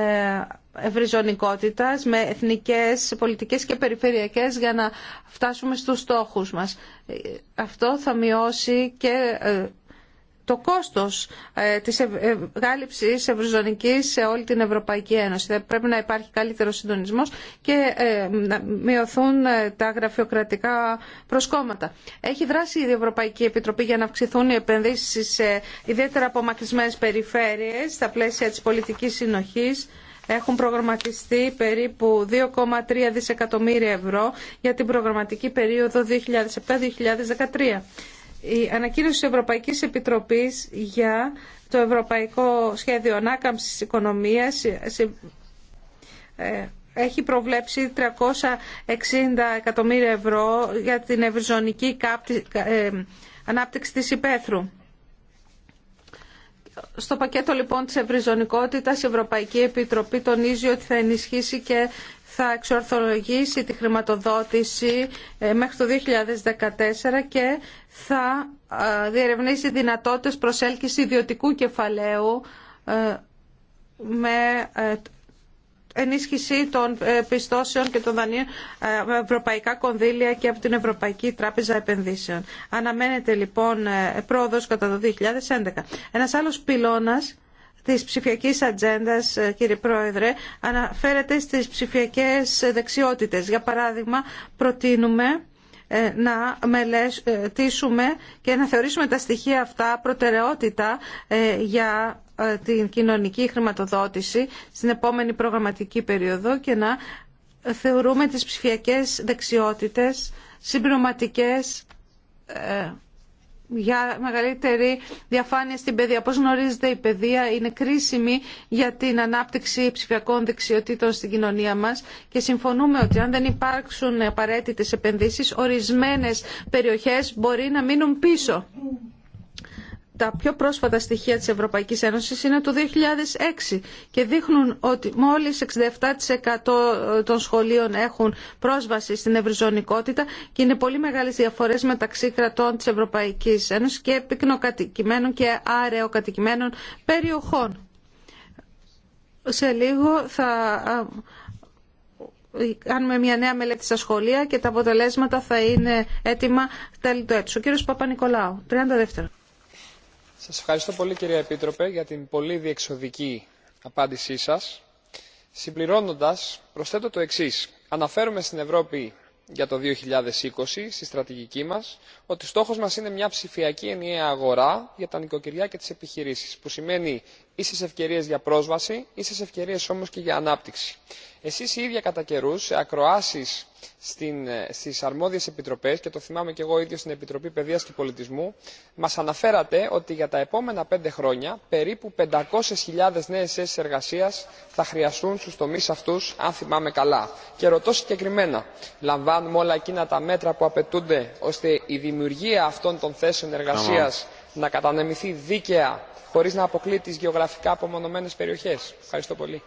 ευρυζωνικότητας με εθνικές, πολιτικές και περιφερειακές για να φτάσουμε στους στόχους μας. Ε, αυτό θα μειώσει και το κόστος ε, της ε, γάλυψης ευρωζωνικής σε όλη την Ευρωπαϊκή Ένωση. Θα πρέπει να υπάρχει καλύτερο συντονισμός και ε, να μειωθούν τα γραφειοκρατικά προσκόμματα. Έχει δράσει η Ευρωπαϊκή Επιτροπή για να αυξηθούν οι επενδύσεις σε ιδιαίτερα απομακρυσμένες περιφέρειες στα πλαίσια της πολιτικής συνοχής έχουν προγραμματιστεί περίπου 2,3 δισεκατομμύρια ευρώ για την προγραμματική περίοδο 2007-2013 η ανακοίνωση της Ευρωπαϊκής Επιτροπής για το Ευρωπαϊκό Σχέδιο Ανάκαμψης της Οικονομίας ε, ε, έχει προβλέψει 360 εκατομμύρια ευρώ για την ευρυζωνική ε, ανάπτυξη της υπαίθρου. Στο πακέτο λοιπόν της ευρυζωνικότητας η Ευρωπαϊκή Επιτροπή τονίζει ότι θα ενισχύσει και θα εξορθολογήσει τη χρηματοδότηση ε, μέχρι το 2014 και θα ε, διερευνήσει δυνατότητες προσέλκυσης ιδιωτικού κεφαλαίου ε, με ενίσχυση των πιστώσεων και των δανείων με ευρωπαϊκά κονδύλια και από την Ευρωπαϊκή Τράπεζα Επενδύσεων. Αναμένεται λοιπόν πρόοδος κατά το 2011. Ένας άλλος πυλώνας της ψηφιακής ατζέντα, ε, κύριε Πρόεδρε, αναφέρεται στις ψηφιακές δεξιότητες. Για παράδειγμα, προτείνουμε ε, να μελετήσουμε ε, και να θεωρήσουμε τα στοιχεία αυτά προτεραιότητα για την κοινωνική χρηματοδότηση στην επόμενη προγραμματική περίοδο και να θεωρούμε τις ψηφιακές δεξιότητες συμπληρωματικές για μεγαλύτερη διαφάνεια στην παιδεία. Πώς γνωρίζετε η παιδεία είναι κρίσιμη για την ανάπτυξη ψηφιακών δεξιοτήτων στην κοινωνία μας και συμφωνούμε ότι αν δεν υπάρξουν απαραίτητες επενδύσεις, ορισμένες περιοχές μπορεί να μείνουν πίσω τα πιο πρόσφατα στοιχεία της Ευρωπαϊκής Ένωσης είναι το 2006 και δείχνουν ότι μόλις 67% των σχολείων έχουν πρόσβαση στην ευρυζωνικότητα και είναι πολύ μεγάλες διαφορές μεταξύ κρατών της Ευρωπαϊκής Ένωσης και πυκνοκατοικημένων και αραιοκατοικημένων περιοχών. Σε λίγο θα κάνουμε μια νέα μελέτη στα σχολεία και τα αποτελέσματα θα είναι έτοιμα τέλη του έτσι. Ο κύριος Παπα-Νικολάου, 32 σας ευχαριστώ πολύ κυρία Επίτροπε για την πολύ διεξοδική απάντησή σας. Συμπληρώνοντας, προσθέτω το εξής. Αναφέρουμε στην Ευρώπη για το 2020 στη στρατηγική μας ότι στόχος μας είναι μια ψηφιακή ενιαία αγορά για τα νοικοκυριά και τις επιχειρήσεις που σημαίνει ίσες ευκαιρίες για πρόσβαση, ίσες ευκαιρίες όμως και για ανάπτυξη. Εσείς οι ίδια κατά καιρούς σε ακροάσεις ε, στι αρμόδιε επιτροπέ, και το θυμάμαι και εγώ ίδιο στην επιτροπή Παιδεία και πολιτισμού μας αναφέρατε ότι για τα επόμενα πέντε χρόνια περίπου 500.000 νέες θέσει εργασία θα χρειαστούν στους τομείς αυτούς αν θυμάμαι καλά. Και ρωτώ συγκεκριμένα, λαμβάνουμε όλα εκείνα τα μέτρα που απαιτούνται ώστε η δημιουργία αυτών των θέσεων εργασία να κατανεμηθεί δίκαια χωρίς να αποκλεί τι γεωγραφικά απομονωμένες περιοχές. Ευχαριστώ πολύ.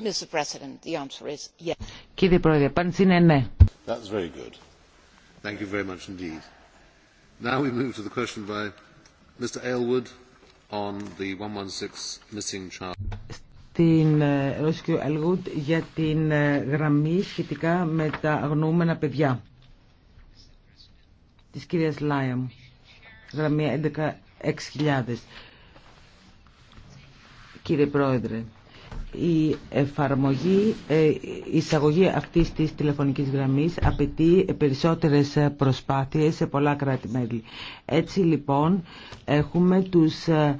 Mr. President, the answer is yes. Κύριε Πρόεδρε, απάντηση είναι ναι. That's very good. Thank you very much indeed. Now we move to the question by Mr. Aylward on the 116 missing child. Στην ερώτηση του για την ε, γραμμή σχετικά με τα αγνοούμενα παιδιά της κυρίας Λάιαμ, γραμμή 11.6000. Κύριε Πρόεδρε, η εφαρμογή, ε, η εισαγωγή αυτής της τηλεφωνικής γραμμής απαιτεί περισσότερες προσπάθειες σε πολλά κράτη-μέλη. Έτσι λοιπόν έχουμε τους ε,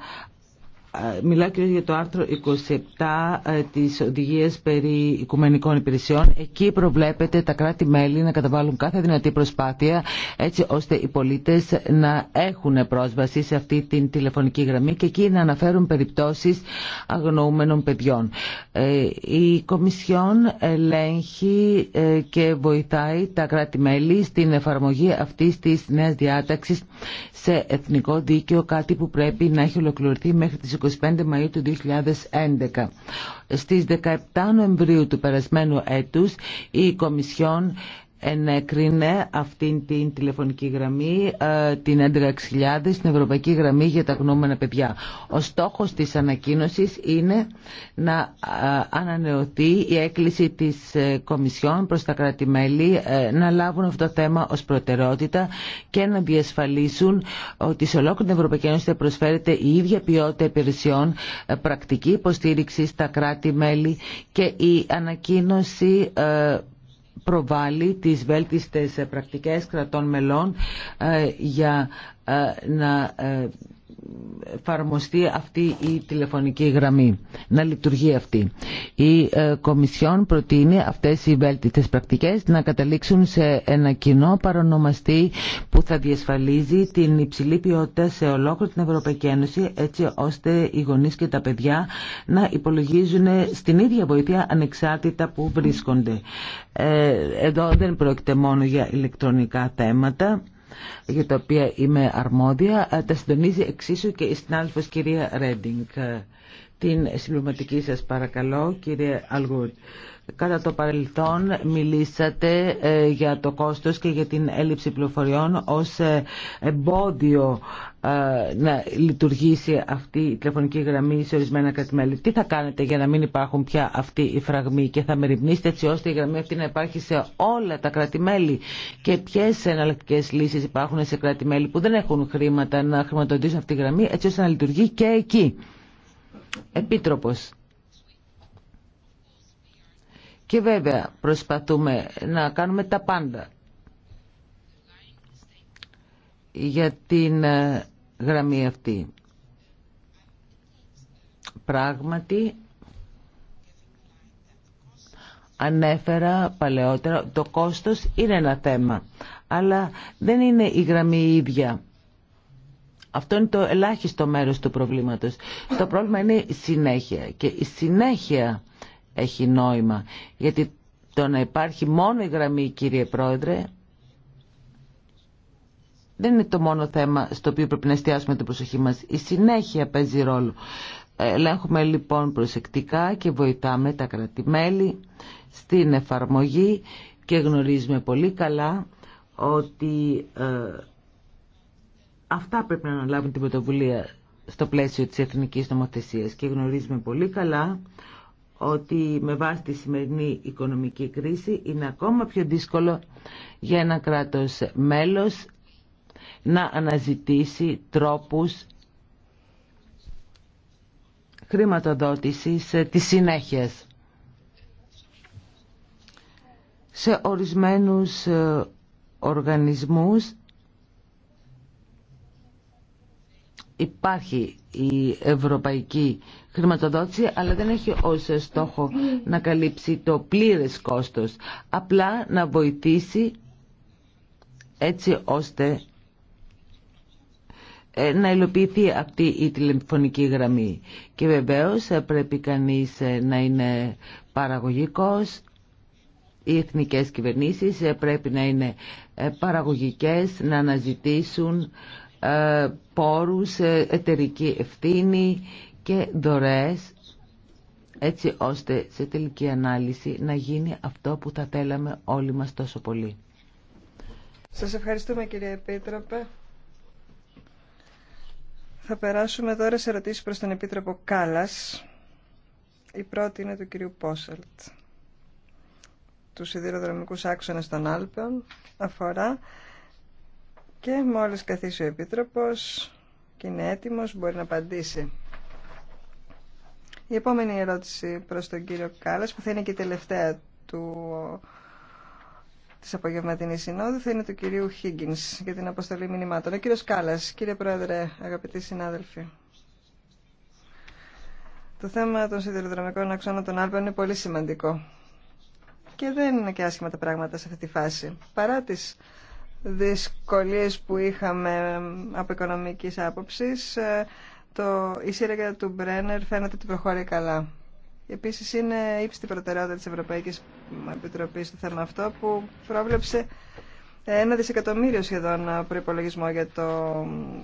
Μιλάω κυρίως για το άρθρο 27 ε, της Οδηγίας περί Οικουμενικών Υπηρεσιών. Εκεί προβλέπεται τα κράτη-μέλη να καταβάλουν κάθε δυνατή προσπάθεια έτσι ώστε οι πολίτες να έχουν πρόσβαση σε αυτή την τηλεφωνική γραμμή και εκεί να αναφέρουν περιπτώσεις αγνοούμενων παιδιών. Ε, η Κομισιόν ελέγχει ε, και βοηθάει τα κράτη-μέλη στην εφαρμογή αυτής της νέας διάταξης σε εθνικό δίκαιο, κάτι που πρέπει να έχει ολοκληρωθεί μέχρι τις 25 Μαΐου του 2011. Στις 17 Νοεμβρίου του περασμένου έτους η Κομισιόν ενέκρινε αυτήν την τηλεφωνική γραμμή, ε, την 11.000 στην Ευρωπαϊκή Γραμμή για τα γνώμενα παιδιά. Ο στόχος της ανακοίνωσης είναι να ε, ανανεωθεί η έκκληση της ε, Κομισιόν προς τα κράτη-μέλη να λάβουν αυτό το θέμα ως προτεραιότητα και να διασφαλίσουν ότι σε ολόκληρη την Ευρωπαϊκή Ένωση θα προσφέρεται η ίδια ποιότητα υπηρεσιών, πρακτική υποστήριξη στα κράτη-μέλη και η ανακοίνωση προβάλλει τις βέλτιστες πρακτικές κρατών μελών ε, για ε, να ε, εφαρμοστεί αυτή η τηλεφωνική γραμμή, να λειτουργεί αυτή. Η ε, Κομισιόν προτείνει αυτές οι βέλτιτες πρακτικές να καταλήξουν σε ένα κοινό παρονομαστή που θα διασφαλίζει την υψηλή ποιότητα σε ολόκληρη την Ευρωπαϊκή Ένωση έτσι ώστε οι γονείς και τα παιδιά να υπολογίζουν στην ίδια βοήθεια ανεξάρτητα που βρίσκονται. Ε, εδώ δεν πρόκειται μόνο για ηλεκτρονικά θέματα για τα οποία είμαι αρμόδια, ε, τα συντονίζει εξίσου και η συνάδελφος κυρία Ρέντινγκ την συμπληρωματική σας παρακαλώ κύριε Αλγούρ. Κατά το παρελθόν μιλήσατε ε, για το κόστος και για την έλλειψη πληροφοριών ως ε, εμπόδιο ε, να λειτουργήσει αυτή η τηλεφωνική γραμμή σε ορισμένα κρατημέλη. Τι θα κάνετε για να μην υπάρχουν πια αυτοί οι φραγμοί και θα μεριμνήσετε έτσι ώστε η γραμμή αυτή να υπάρχει σε όλα τα κρατημέλη και ποιε εναλλακτικέ λύσεις υπάρχουν σε κρατημέλη που δεν έχουν χρήματα να χρηματοδοτήσουν αυτή τη γραμμή έτσι ώστε να λειτουργεί και εκεί. Επίτροπος. Και βέβαια προσπαθούμε να κάνουμε τα πάντα για την ε, γραμμή αυτή. Πράγματι, ανέφερα παλαιότερα, το κόστος είναι ένα θέμα, αλλά δεν είναι η γραμμή ίδια αυτό είναι το ελάχιστο μέρος του προβλήματος. Το πρόβλημα είναι η συνέχεια και η συνέχεια έχει νόημα γιατί το να υπάρχει μόνο η γραμμή κύριε Πρόεδρε δεν είναι το μόνο θέμα στο οποίο πρέπει να εστιάσουμε την προσοχή μας. Η συνέχεια παίζει ρόλο. Ελέγχουμε λοιπόν προσεκτικά και βοηθάμε τα κρατημέλη στην εφαρμογή και γνωρίζουμε πολύ καλά ότι ε, Αυτά πρέπει να αναλάβουν την πρωτοβουλία στο πλαίσιο της εθνικής νομοθεσίας και γνωρίζουμε πολύ καλά ότι με βάση τη σημερινή οικονομική κρίση είναι ακόμα πιο δύσκολο για ένα κράτος μέλος να αναζητήσει τρόπους χρηματοδότησης ε, της συνέχειας. Σε ορισμένους ε, οργανισμούς υπάρχει η ευρωπαϊκή χρηματοδότηση αλλά δεν έχει ως στόχο να καλύψει το πλήρες κόστος απλά να βοηθήσει έτσι ώστε ε, να υλοποιηθεί αυτή η τηλεφωνική γραμμή και βεβαίως ε, πρέπει κανείς ε, να είναι παραγωγικός οι εθνικές κυβερνήσεις πρέπει να είναι παραγωγικές να αναζητήσουν ε, πόρους, ε, εταιρική ευθύνη και δώρες, έτσι ώστε σε τελική ανάλυση να γίνει αυτό που θα θέλαμε όλοι μας τόσο πολύ. Σας ευχαριστούμε κύριε Επίτροπε. Θα περάσουμε τώρα σε ερωτήσεις προς τον Επίτροπο Κάλλας. Η πρώτη είναι του κυρίου Πόσελτ. Του σιδηροδρομικού άξονες των Άλπαιων αφορά και μόλις καθίσει ο Επίτροπος και είναι έτοιμος μπορεί να απαντήσει. Η επόμενη ερώτηση προς τον κύριο Κάλλας που θα είναι και η τελευταία του της απογευματινής συνόδου θα είναι του κυρίου Higgins για την αποστολή μηνυμάτων. Ο κύριος Κάλλας, κύριε Πρόεδρε, αγαπητοί συνάδελφοι. Το θέμα των σιδηροδρομικών αξώνων των Άλπων είναι πολύ σημαντικό. Και δεν είναι και άσχημα τα πράγματα σε αυτή τη φάση. Παρά τις δυσκολίες που είχαμε από οικονομικής άποψης, ε, το, η σύραγγα του Μπρένερ φαίνεται ότι προχωρεί καλά. Επίσης είναι ύψιστη προτεραιότητα της Ευρωπαϊκής Επιτροπής στο θέμα αυτό που πρόβλεψε ένα δισεκατομμύριο σχεδόν προπολογισμό για,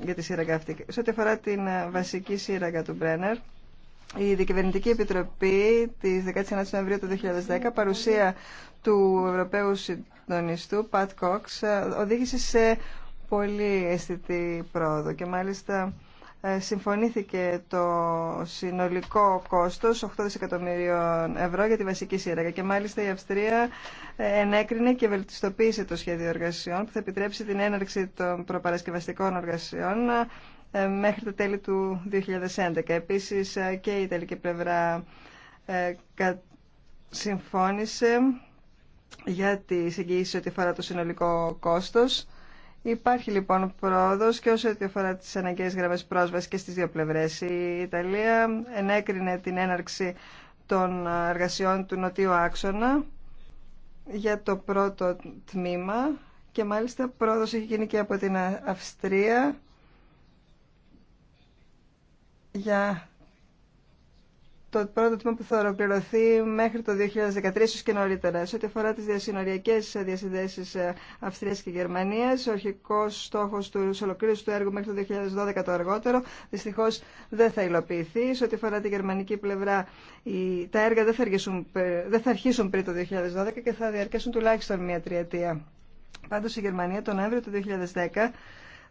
για τη σύραγγα αυτή. Σε ό,τι αφορά την βασική σύραγγα του Μπρένερ, η Δικαιβερνητική Επιτροπή τη 19η Νοεμβρίου του 2010 παρουσία του Ευρωπαίου συντονιστού, Πατ Κόξ, ε, οδήγησε σε πολύ αισθητή πρόοδο και μάλιστα ε, συμφωνήθηκε το συνολικό κόστος 8 δισεκατομμυρίων ευρώ για τη βασική σύραγγα και μάλιστα η Αυστρία ε, ενέκρινε και βελτιστοποίησε το σχέδιο εργασιών που θα επιτρέψει την έναρξη των προπαρασκευαστικών εργασιών μέχρι το τέλη του 2011. Επίσης και η Ιταλική πλευρά συμφώνησε για τις εγγύησεις ό,τι αφορά το συνολικό κόστος. Υπάρχει λοιπόν πρόοδο και όσο ό,τι αφορά τι αναγκαίε γραμμέ πρόσβαση και στι δύο πλευρέ. Η Ιταλία ενέκρινε την έναρξη των εργασιών του Νοτίου Άξονα για το πρώτο τμήμα και μάλιστα πρόοδος έχει γίνει και από την Αυστρία για το πρώτο τμήμα που θα ολοκληρωθεί μέχρι το 2013, και νωρίτερα. Σε ό,τι αφορά τι διασυνοριακέ διασυνδέσει ε, Αυστρία και Γερμανία. ο αρχικός στόχος του ολοκλήρωσης του έργου μέχρι το 2012 το αργότερο, Δυστυχώ δεν θα υλοποιηθεί. Σε ό,τι αφορά τη γερμανική πλευρά, τα έργα δεν θα, δεν θα αρχίσουν πριν το 2012 και θα διαρκέσουν τουλάχιστον μία τριετία. Πάντως η Γερμανία τον Νοέμβριο του 2010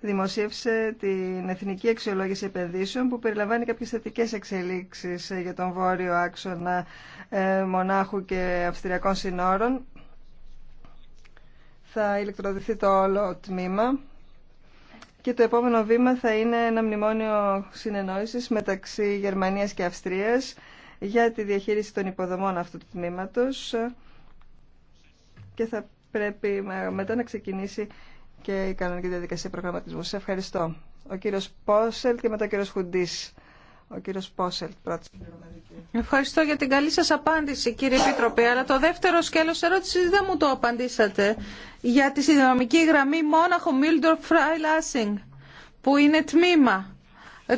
δημοσίευσε την Εθνική Αξιολόγηση Επενδύσεων που περιλαμβάνει κάποιες θετικές εξελίξεις για τον βόρειο άξονα ε, Μονάχου και Αυστριακών Συνόρων. Θα ηλεκτροδοτηθεί το όλο τμήμα και το επόμενο βήμα θα είναι ένα μνημόνιο συνεννόησης μεταξύ Γερμανίας και Αυστρίας για τη διαχείριση των υποδομών αυτού του τμήματος και θα πρέπει μετά να ξεκινήσει και η κανονική διαδικασία προγραμματισμού. Σε ευχαριστώ. Ο κύριος Πόσελτ και μετά ο κύριος Χουντής. Ο κύριος Πόσελτ, πρώτος. Ευχαριστώ για την καλή σας απάντηση, κύριε Επίτροπε. Αλλά το δεύτερο σκέλος ερώτηση δεν μου το απαντήσατε. Για τη συνδρομική γραμμή Μόναχο Μίλντορ Φράι Λάσινγκ, που είναι τμήμα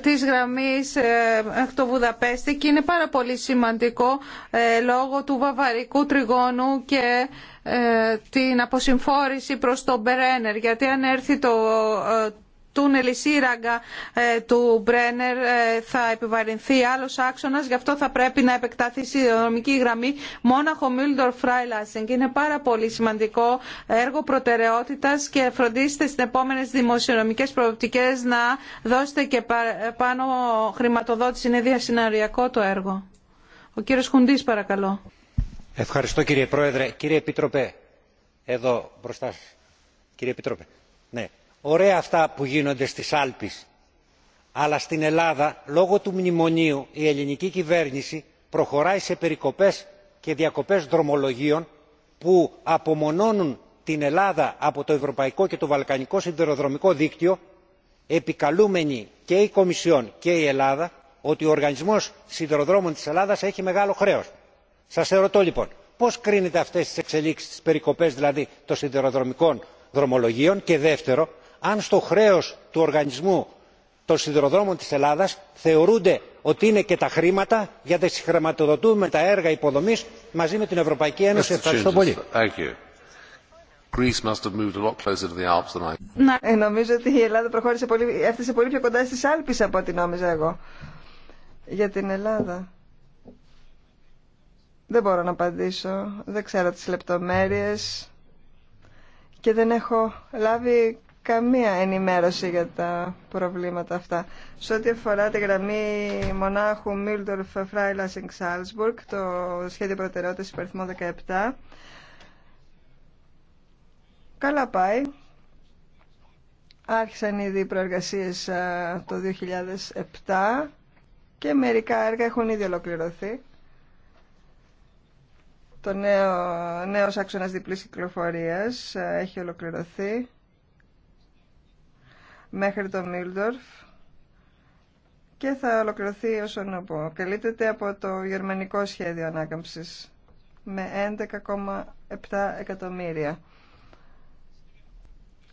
της γραμμής του ε, το Βουδαπέστη και είναι πάρα πολύ σημαντικό ε, λόγω του βαβαρικού τριγώνου και ε, την αποσυμφόρηση προς τον Μπερένερ γιατί αν έρθει το τούνελ, η σύραγγα ε, του Μπρένερ ε, θα επιβαρυνθεί άλλος άξονας, γι' αυτό θα πρέπει να επεκταθεί η συνδρομική γραμμή Μόναχο Μίλντορ Φράιλασινγκ. Είναι πάρα πολύ σημαντικό έργο προτεραιότητας και φροντίστε στις επόμενες δημοσιονομικές προοπτικές να δώσετε και πάνω χρηματοδότηση. Είναι διασυναριακό το έργο. Ο κύριος Χουντής παρακαλώ. Ευχαριστώ κύριε Πρόεδρε. Κύριε Επίτροπε, εδώ μπροστά Κύριε Επίτροπε, ναι ωραία αυτά που γίνονται στις άλπεις αλλά στην ελλάδα λόγω του μνημονίου η ελληνική κυβέρνηση προχωράει σε περικοπές και διακοπές δρομολογίων που απομονώνουν την ελλάδα από το ευρωπαϊκό και το βαλκανικό σιδηροδρομικό δίκτυο επικαλούμενη και η κομισιόν και η ελλάδα ότι ο οργανισμός σιδηροδρόμων της ελλάδας έχει μεγάλο χρέος. σας ερωτώ λοιπόν πώς κρίνετε αυτές τις εξελίξεις τις περικοπές δηλαδή των σιδηροδρομικών δρομολογίων και δεύτερο αν στο χρέος του οργανισμού των σιδηροδρόμων της ελλάδας θεωρούνται ότι είναι και τα χρήματα για να συγχρηματοδοτούμε τα έργα υποδομή μαζί με την ευρωπαϊκή ένωση. ευχαριστώ πολύ. Ε, νομίζω ότι η Ελλάδα προχώρησε πολύ, έφτασε πολύ πιο κοντά στις Άλπεις από ό,τι νόμιζα εγώ. Για την Ελλάδα. Δεν μπορώ να απαντήσω. Δεν ξέρω τις λεπτομέρειες. Και δεν έχω λάβει καμία ενημέρωση για τα προβλήματα αυτά. Σε ό,τι αφορά τη γραμμή μονάχου Μίλτορφ Φράιλασινγκ Σάλσμπουργκ, το σχέδιο προτεραιότητας υπαριθμό 17, καλά πάει. Άρχισαν ήδη οι προεργασίες το 2007 και μερικά έργα έχουν ήδη ολοκληρωθεί. Το νέο, νέος άξονας διπλής κυκλοφορίας έχει ολοκληρωθεί μέχρι το Μίλντορφ και θα ολοκληρωθεί όσον Καλύπτεται από το γερμανικό σχέδιο ανάκαμψης με 11,7 εκατομμύρια.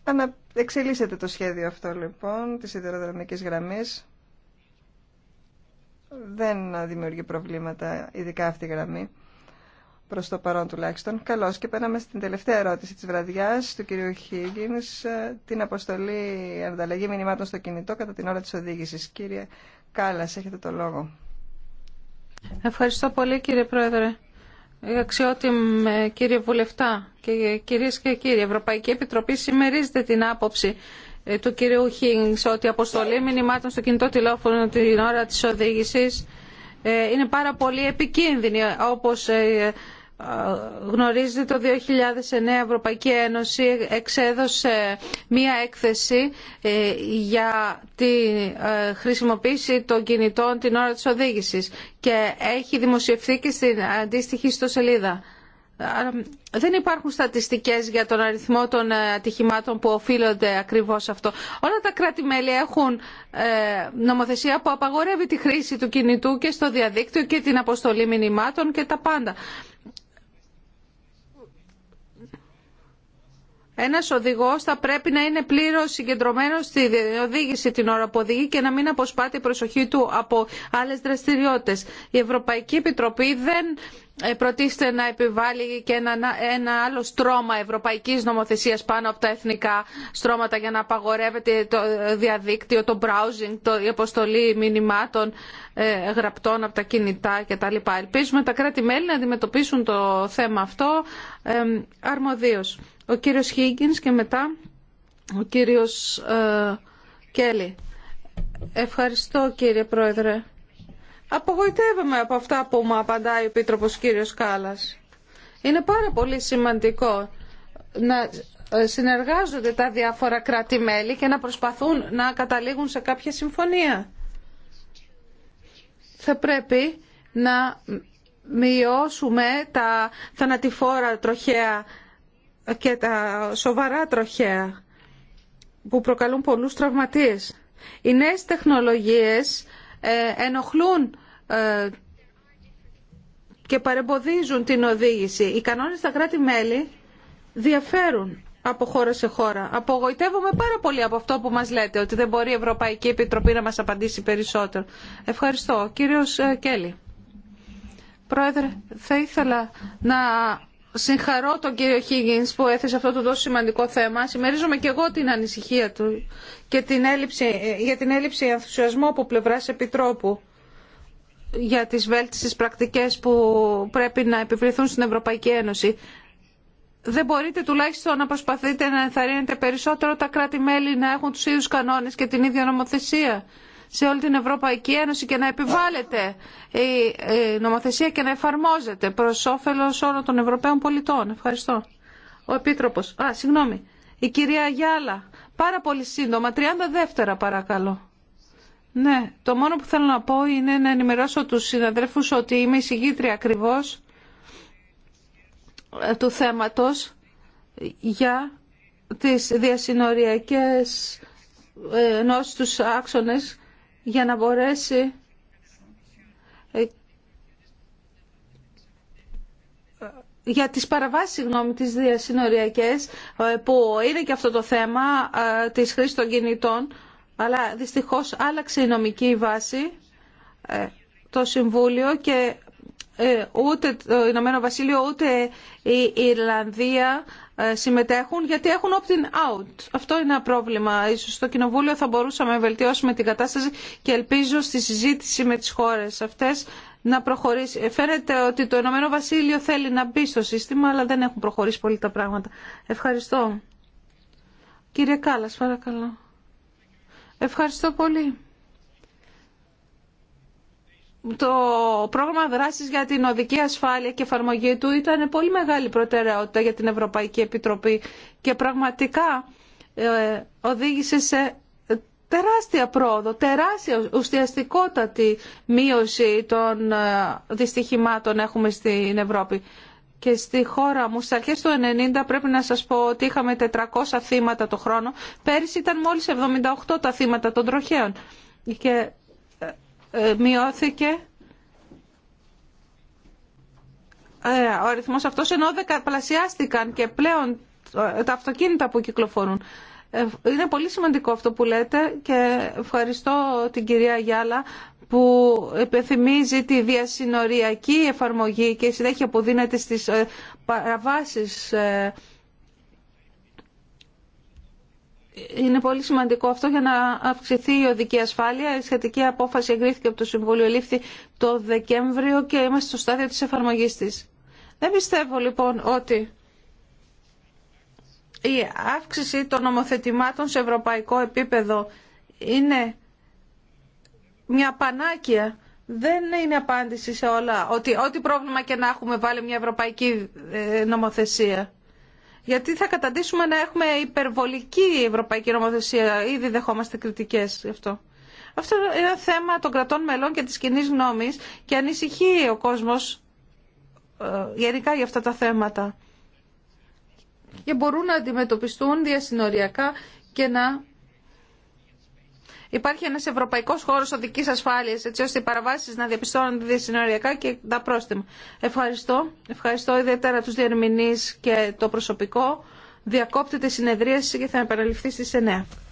Ανα... Εξελίσσεται το σχέδιο αυτό λοιπόν της σιδηροδρομικής γραμμής. Δεν δημιουργεί προβλήματα, ειδικά αυτή η γραμμή. Προ το παρόν τουλάχιστον. Καλώ και πέραμε στην τελευταία ερώτηση τη βραδιά, του κυρίου Χίγγινς, ε, την αποστολή ανταλλαγή μηνυμάτων στο κινητό κατά την ώρα τη οδήγηση. Κύριε Κάλλα, έχετε το λόγο. Ευχαριστώ πολύ κύριε Πρόεδρε. Αξιότιμη κύριε Βουλευτά και κυρίες και κύριοι, η Ευρωπαϊκή Επιτροπή συμμερίζεται την άποψη ε, του κυρίου Χίγγινς ότι η αποστολή μηνυμάτων στο κινητό τηλέφωνο την ώρα τη οδήγηση. Ε, είναι πάρα πολύ επικίνδυνη όπως γνωρίζετε το 2009 η Ευρωπαϊκή Ένωση εξέδωσε μία έκθεση ε, για τη ε, χρησιμοποίηση των κινητών την ώρα της οδήγησης και έχει δημοσιευθεί και στην αντίστοιχη ιστοσελίδα. Δεν υπάρχουν στατιστικές για τον αριθμό των ε, ατυχημάτων που οφείλονται ακριβώς αυτό. Όλα τα κράτη-μέλη έχουν νομοθεσία που απαγορεύει τη χρήση του κινητού και στο διαδίκτυο και την αποστολή μηνυμάτων και τα πάντα. Ένας οδηγός θα πρέπει να είναι πλήρως συγκεντρωμένος στη οδήγηση την ώρα που οδηγεί και να μην αποσπάται η προσοχή του από άλλες δραστηριότητες. Η Ευρωπαϊκή Επιτροπή δεν ε, προτίστε να επιβάλλει και ένα, άλλο στρώμα ευρωπαϊκής νομοθεσίας πάνω από τα εθνικά στρώματα για να απαγορεύεται το διαδίκτυο, το browsing, το, η αποστολή μηνυμάτων ε, γραπτών από τα κινητά κτλ. Ελπίζουμε τα κράτη-μέλη να αντιμετωπίσουν το θέμα αυτό ε, αρμοδίως. Ο κύριος Χίγκινς και μετά ο κύριος ε, Κέλλη. Ευχαριστώ κύριε Πρόεδρε. Απογοητεύομαι από αυτά που μου απαντάει ο Επίτροπος κύριος Κάλλας. Είναι πάρα πολύ σημαντικό να συνεργάζονται τα διάφορα κράτη-μέλη και να προσπαθούν να καταλήγουν σε κάποια συμφωνία. Θα πρέπει να μειώσουμε τα θανατηφόρα τροχέα και τα σοβαρά τροχέα που προκαλούν πολλούς τραυματίες. Οι νέες τεχνολογίες ε, ενοχλούν ε, και παρεμποδίζουν την οδήγηση. Οι κανόνες στα κράτη-μέλη διαφέρουν από χώρα σε χώρα. Απογοητεύομαι πάρα πολύ από αυτό που μας λέτε, ότι δεν μπορεί η Ευρωπαϊκή Επιτροπή να μας απαντήσει περισσότερο. Ευχαριστώ. Κύριος ε, Κέλλη. Πρόεδρε, θα ήθελα να συγχαρώ τον κύριο Χίγγινς που έθεσε αυτό το τόσο σημαντικό θέμα. Συμμερίζομαι και εγώ την ανησυχία του και την έλλειψη, για την έλλειψη ενθουσιασμού από πλευρά Επιτρόπου για τις βέλτιστες πρακτικές που πρέπει να επιβληθούν στην Ευρωπαϊκή Ένωση. Δεν μπορείτε τουλάχιστον να προσπαθείτε να ενθαρρύνετε περισσότερο τα κράτη-μέλη να έχουν τους ίδιους κανόνες και την ίδια νομοθεσία σε όλη την Ευρωπαϊκή Ένωση και να επιβάλλεται η νομοθεσία και να εφαρμόζεται προς όφελο όλων των Ευρωπαίων πολιτών. Ευχαριστώ. Ο Επίτροπος. Α, συγγνώμη. Η κυρία Γιάλα. Πάρα πολύ σύντομα. 30 δεύτερα παρακαλώ. Ναι, το μόνο που θέλω να πω είναι να ενημερώσω τους συναδέλφους ότι είμαι εισηγήτρια ακριβώς ε, του θέματος για τις διασυνοριακές ε, ενώσεις τους άξονες για να μπορέσει ε, για τις παραβάσεις συγγνώμη, τις διασυνοριακές ε, που είναι και αυτό το θέμα ε, της χρήσης των κινητών αλλά δυστυχώς άλλαξε η νομική βάση το Συμβούλιο και ούτε το Ηνωμένο Βασίλειο ούτε η Ιρλανδία ε, συμμετέχουν γιατί έχουν opt-in out. Αυτό είναι ένα πρόβλημα. Ίσως στο Κοινοβούλιο θα μπορούσαμε να βελτιώσουμε την κατάσταση και ελπίζω στη συζήτηση με τις χώρες αυτές να προχωρήσει. Ε, φαίνεται ότι το Ηνωμένο Βασίλειο θέλει να μπει στο σύστημα, αλλά δεν έχουν προχωρήσει πολύ τα πράγματα. Ευχαριστώ. Κύριε Κάλλας, παρακαλώ. Ευχαριστώ πολύ το πρόγραμμα δράσης για την οδική ασφάλεια και εφαρμογή του ήταν πολύ μεγάλη προτεραιότητα για την Ευρωπαϊκή Επιτροπή και πραγματικά ε, οδήγησε σε τεράστια πρόοδο, τεράστια ουσιαστικότατη μείωση των ε, δυστυχημάτων έχουμε στην Ευρώπη. Και στη χώρα μου, στι αρχέ του 90 πρέπει να σας πω ότι είχαμε 400 θύματα το χρόνο. Πέρυσι ήταν μόλι 78 τα θύματα των τροχαίων. Και ε, μειώθηκε ε, ο αριθμός αυτός ενώ δεκαπλασιάστηκαν και πλέον τα αυτοκίνητα που κυκλοφορούν. Ε, είναι πολύ σημαντικό αυτό που λέτε και ευχαριστώ την κυρία Γιάλα που επιθυμίζει τη διασυνοριακή εφαρμογή και η συνέχεια που δίνεται στις παραβάσεις είναι πολύ σημαντικό αυτό για να αυξηθεί η οδική ασφάλεια. Η σχετική απόφαση εγκρίθηκε από το Συμβούλιο Λήφθη το Δεκέμβριο και είμαστε στο στάδιο της εφαρμογής της. Δεν πιστεύω λοιπόν ότι η αύξηση των νομοθετημάτων σε ευρωπαϊκό επίπεδο είναι μια πανάκια. Δεν είναι απάντηση σε όλα ότι ό,τι πρόβλημα και να έχουμε βάλει μια ευρωπαϊκή ε, νομοθεσία. Γιατί θα καταντήσουμε να έχουμε υπερβολική ευρωπαϊκή νομοθεσία. Ήδη δεχόμαστε κριτικές γι' αυτό. Αυτό είναι ένα θέμα των κρατών μελών και τη κοινή γνώμη και ανησυχεί ο κόσμος ε, γενικά για αυτά τα θέματα. Και μπορούν να αντιμετωπιστούν διασυνοριακά και να υπάρχει ένας ευρωπαϊκός χώρος οδικής ασφάλειας, έτσι ώστε οι παραβάσεις να διαπιστώνονται διασυνοριακά και τα πρόστιμα. Ευχαριστώ. Ευχαριστώ ιδιαίτερα τους διερμηνείς και το προσωπικό. Διακόπτεται η συνεδρίαση και θα επαναληφθεί στι 9.